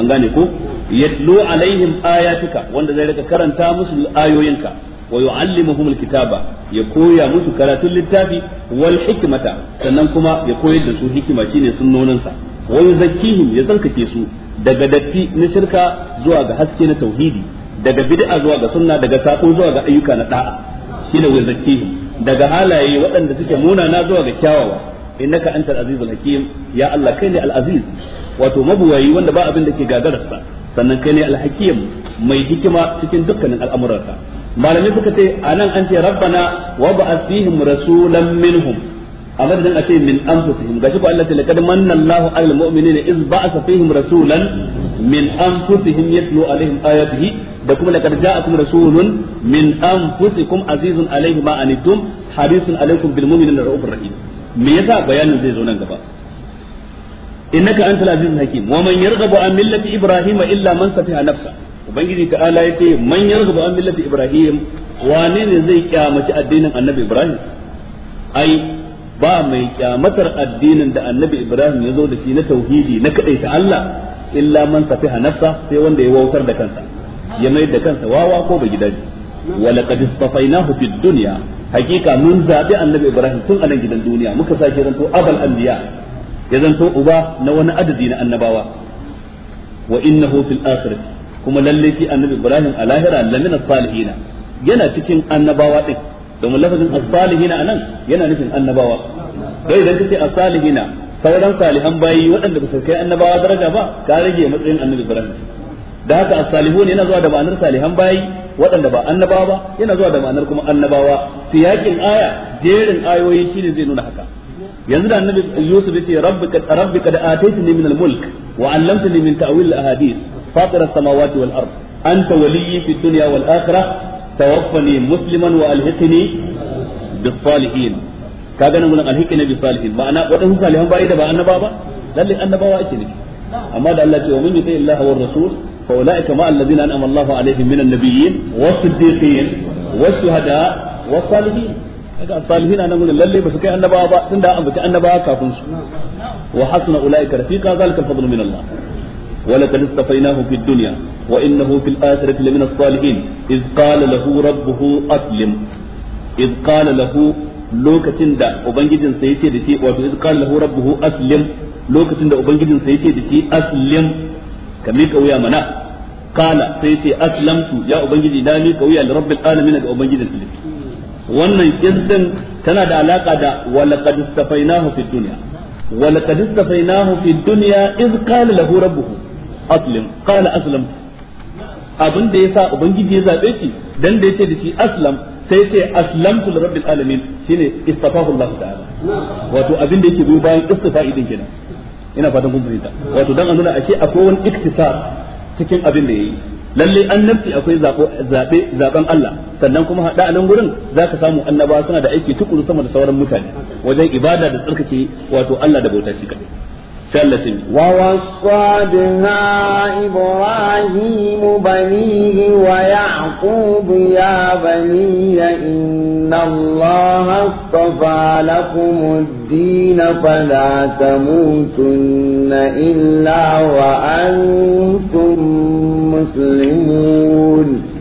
an gane ko yatlu alaihim ayatuka wanda zai rika karanta musu ayoyinka wa yu'allimuhum kitaba ya koya musu karatun littafi wal hikmata sannan kuma ya koyar da su hikima shine sunnonin sa wa yuzakkihim ya tsarkake su daga datti na shirka zuwa ga haske na tauhidi daga bid'a zuwa ga sunna daga sako zuwa ga ayyuka na ɗa'a shine wa yuzakkihim daga halaye waɗanda suke munana zuwa ga kyawawa innaka antal azizul hakim ya Allah kai ne al wato mabuwayi wanda ba abin da ke gagararsa sannan kai ne al mai hikima cikin dukkanin al'amurarsa. malamai suka ce anan an ce rabbana wa ba'ath fihim rasulan minhum a madadin a ce min anfusihim gashi ko Allah ce laqad manna Allahu 'alal mu'minina iz ba'atha fihim rasulan min anfusihim yatlu 'alaihim ayatihi da kuma laqad ja'akum rasulun min anfusikum azizun 'alaihi ma anittum harisun 'alaikum bil mu'minina ra'ufur rahim me yasa bayanin zai zo nan gaba innaka antal azizul hakim wa man yarghabu an millati ibrahima illa man safiha nafsa ubangiji ta'ala ya ce man yarghabu an millati ibrahim wane ne zai kyamaci addinin annabi ibrahim ai ba mai kyamatar addinin da annabi ibrahim ya zo da shi na tauhidi na ta Allah illa man safiha nafsa sai wanda ya wautar da kansa ya mai da kansa wawa ko ba gidaje wa laqad istafainahu fid dunya hakika mun zabi annabi ibrahim tun anan gidan duniya muka sake zanto abal anbiya ya zanto uba na wani adadi na annabawa wa innahu fil akhirati kuma lalle shi annabi ibrahim a lahira lamina salihina yana cikin annabawa din domin lafazin as-salihina anan yana nufin annabawa dai idan kace as-salihina sauran salihan bayi waɗanda ba su kai annabawa daraja ba ka rage matsayin annabi ibrahim da haka as-salihun yana zuwa da ma'anar salihan bayi waɗanda ba annabawa ba yana zuwa da ma'anar kuma annabawa siyakin aya jerin ayoyi shine zai nuna haka yanzu da annabi yusuf yace rabbi rabbika da kad ataitini min al-mulk wa 'allamtani min ta'wil al-ahadith فاطر السماوات والأرض أنت ولي في الدنيا والآخرة توفني مسلما وألهقني بالصالحين kaga nan gurin alhiki na bi salihin ma'ana wadansu salihan bai da ba annaba ba lalle annabawa ake ne amma da Allah ce wa mun yuti Allah wa rasul fa ulaika ma alladhina an'ama Allahu alaihim minan nabiyyin was siddiqin was shuhada was salihin kaga salihin nan lalle ba su kai annabawa ba tunda an bace annabawa kafin wa hasuna ulaika rafiqa zalika al min Allah ولقد اصطفيناه في الدنيا وإنه في الآخرة لمن الصالحين إذ قال له ربه أسلم إذ قال له lokacin da ubangijinsa yace da shi wato iz qala lahu rabbuhu lokacin da ubangijinsa yace da shi aslim ka mika wuya mana qala sai yace aslamtu ya ubangiji da ubangijin wannan kissan tana da alaka da walaqad istafainahu fid dunya walaqad istafainahu fi dunya iz qala lahu rabbuhu aslim qala aslam abin da yasa ubangiji ya zabe shi dan da yace da shi aslam sai ce aslamtu li rabbil alamin shine istafahu Allah ta'ala wato abin da yake biyo bayan istifa'i din kenan ina fatan kun fahimta wato dan an nuna ashe akwai wani iktisar cikin abin da yayi lalle annabci akwai zaɓe zaben Allah sannan kuma hada a nan gurin zaka samu annabawa suna da aiki tukuru sama da sauran mutane wajen ibada da tsarkake wato Allah da bauta shi kadai ثلاثين
ووصى بها إبراهيم بنيه ويعقوب يا بني إن الله اصطفى لكم الدين فلا تموتن إلا وأنتم مسلمون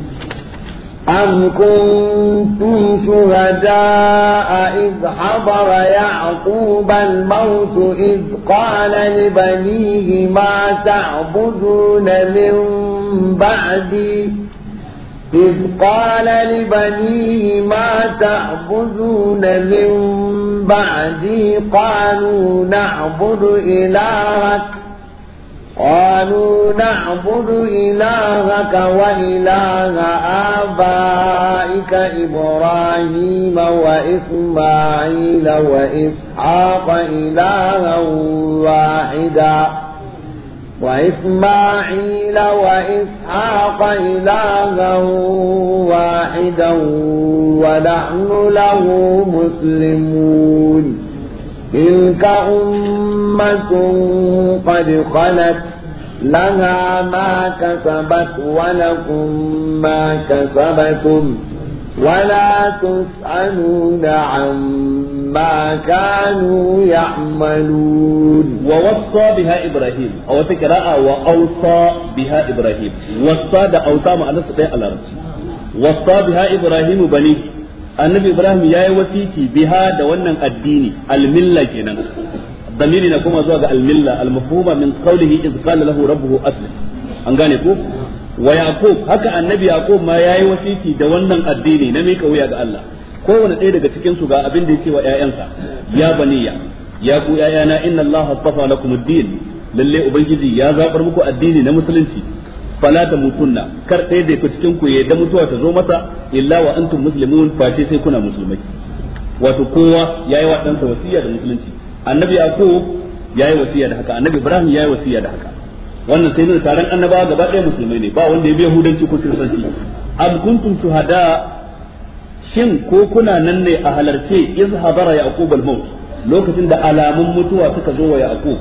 أم كنتم شهداء إذ حضر يعقوب الموت إذ قال لبنيه ما تعبدون من بعدي إذ قال لبنيه ما تعبدون من بعدي قالوا نعبد إلهك قالوا نعبد إلهك وإله آبائك إبراهيم وإسماعيل وإسحاق إلها واحدا وإسماعيل وإسحاق إلها واحدا ونحن له مسلمون تلك أمة قد خلت لها ما كسبت ولكم ما كسبتم ولا تسألون عما كانوا يعملون ووصى
بها إبراهيم أو تقرأ وأوصى بها إبراهيم وصى دا أوصى مع نصف الأرض وصى بها إبراهيم بنيه annabi ibrahim yayi wasiki biha da wannan addini almilla kenan dalili na kuma zuwa ga almilla almafhuma min qawlihi iz qala lahu rabbuhu aslim an gane ko wa yaqub haka annabi yaqub ma yayi wasiki da wannan addini na mika wuya ga Allah kowane ɗaya daga cikin su ga abin da yake wa ƴaƴansa ya baniya ya ku ƴaƴana inna allaha astafa lakum ad-din lalle ubangiji ya zabar muku addini na musulunci fala ta mutunna kar ɗaya da ku cikin ku da mutuwa ta zo masa illa wa antum muslimun face sai kuna musulmai wato kowa yayi wa ɗansa wasiya da musulunci annabi yaqub yayi wasiya da haka annabi ibrahim yayi wasiya da haka wannan sai nuna taron annaba gaba ɗaya musulmai ne ba wanda ya bi yahudanci ko kiristanci am kuntum shuhada shin ko kuna nan ne a halarce iz hadara yaqub al-maut lokacin da alamun mutuwa suka zo wa yaqub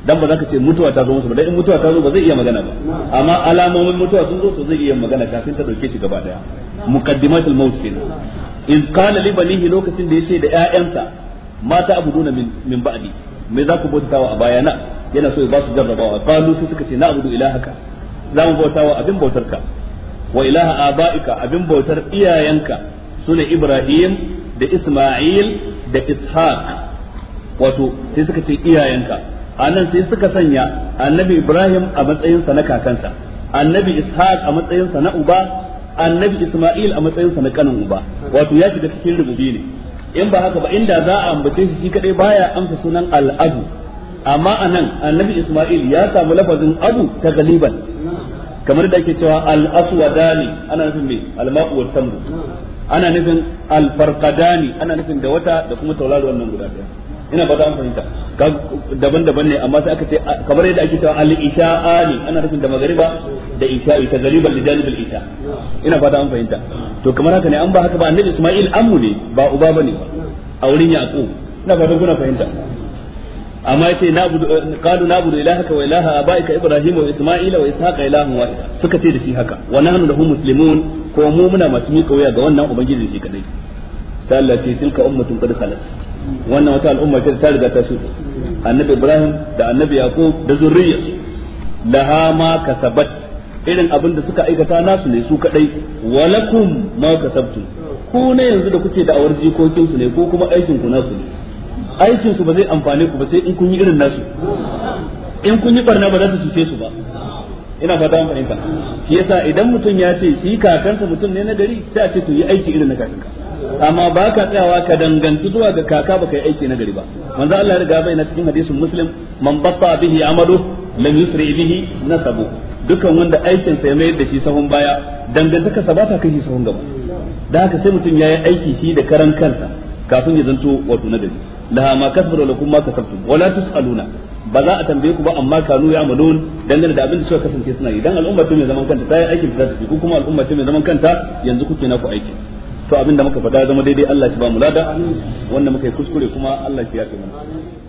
dan ba za ka ce mutuwa ta zo musu ba dan in mutuwa ta zo ba zai iya magana ba amma alamomin mutuwa sun zo to zai iya magana kafin ta dauke shi gaba daya muqaddimatul maut kenan in qala li banihi lokacin da yace da ƴaƴansa mata abuduna min min ba'di me za ku wa a na yana so ya ba su jarrabawa qalu sai suka ce na abudu ilahaka za mu wa abin bautarka wa ilaha abaika abin bautar iyayenka sune ibrahim da isma'il da ishaq wato sai suka ce iyayenka anan sai suka sanya annabi Ibrahim a matsayin na kakansa annabi Ishaq a matsayin na uba annabi Isma'il a matsayin na kanin uba wato ya shiga cikin rububi ne in ba haka ba inda za a ambace shi shi kadai baya amsa sunan al-abu amma anan annabi Isma'il ya samu lafazin abu ta galiban kamar da ake cewa al-aswadani ana nufin me al mau wa tamru ana nufin al-farqadani ana nufin da wata da kuma taurari wannan guda daya ina ba za an fahimta daban-daban ne amma sai aka ce kamar yadda ake cewa al ne ana nufin da magariba da isha ita galiban da janibul isha ina fata an fahimta to kamar haka ne an ba haka ba annabi Isma'il ammu ne ba uba bane a wurin Yaqub ina fatan kuna fahimta amma yace na'budu qalu na'budu ilahaka wa ilaha abaika ibrahim wa isma'ila wa ishaqa ilahun wahid suka ce da shi haka wa nahnu lahum muslimun ko mu muna masu miƙa wuya ga wannan ubangiji shi kadai sai Allah ce tilka ummatun qad khalat wannan wata al'umma ce ta riga ta su annabi ibrahim da annabi yaqub da zurriyyar laha ma kasabat irin abin da suka aikata nasu ne su kadai walakum ma kasabtum ku ne yanzu da kuke da awar jikokin su ne ko kuma aikin ku nasu ne aikin su ba zai amfane ku ba sai in kun yi irin nasu in kun yi barna ba za su cuce su ba ina fata an fahimta shi yasa idan mutum ya ce shi kakansa mutum ne na gari sai a ce to yi aiki irin na kakanka amma ba ka tsayawa ka danganci zuwa ga kaka baka yi aiki na gari ba manzo Allah ya riga bai na cikin hadisin muslim man batta bihi amalu lam yusri bihi nasabu dukan wanda aikin sa ya mayar da shi sahun baya dangantaka sa ba ta kai shi sahun gaba da haka sai mutum yayi aiki shi da karan kansa kafin ya zanto wato na gari laha ma kasbaru lakum ma kasabtum wala tusaluna ba za a tambaye ku ba amma kanu ya dan dangane da abin da suka kasance suna yi dan al'umma ce mai zaman kanta ta yi aikin da ta ko kuma al'umma ce mai zaman kanta yanzu kuke na ku aiki. to abinda muka faɗa zama daidai Allah shi ba mu lada wanda muka yi kuskure kuma Allah shi ya kai mana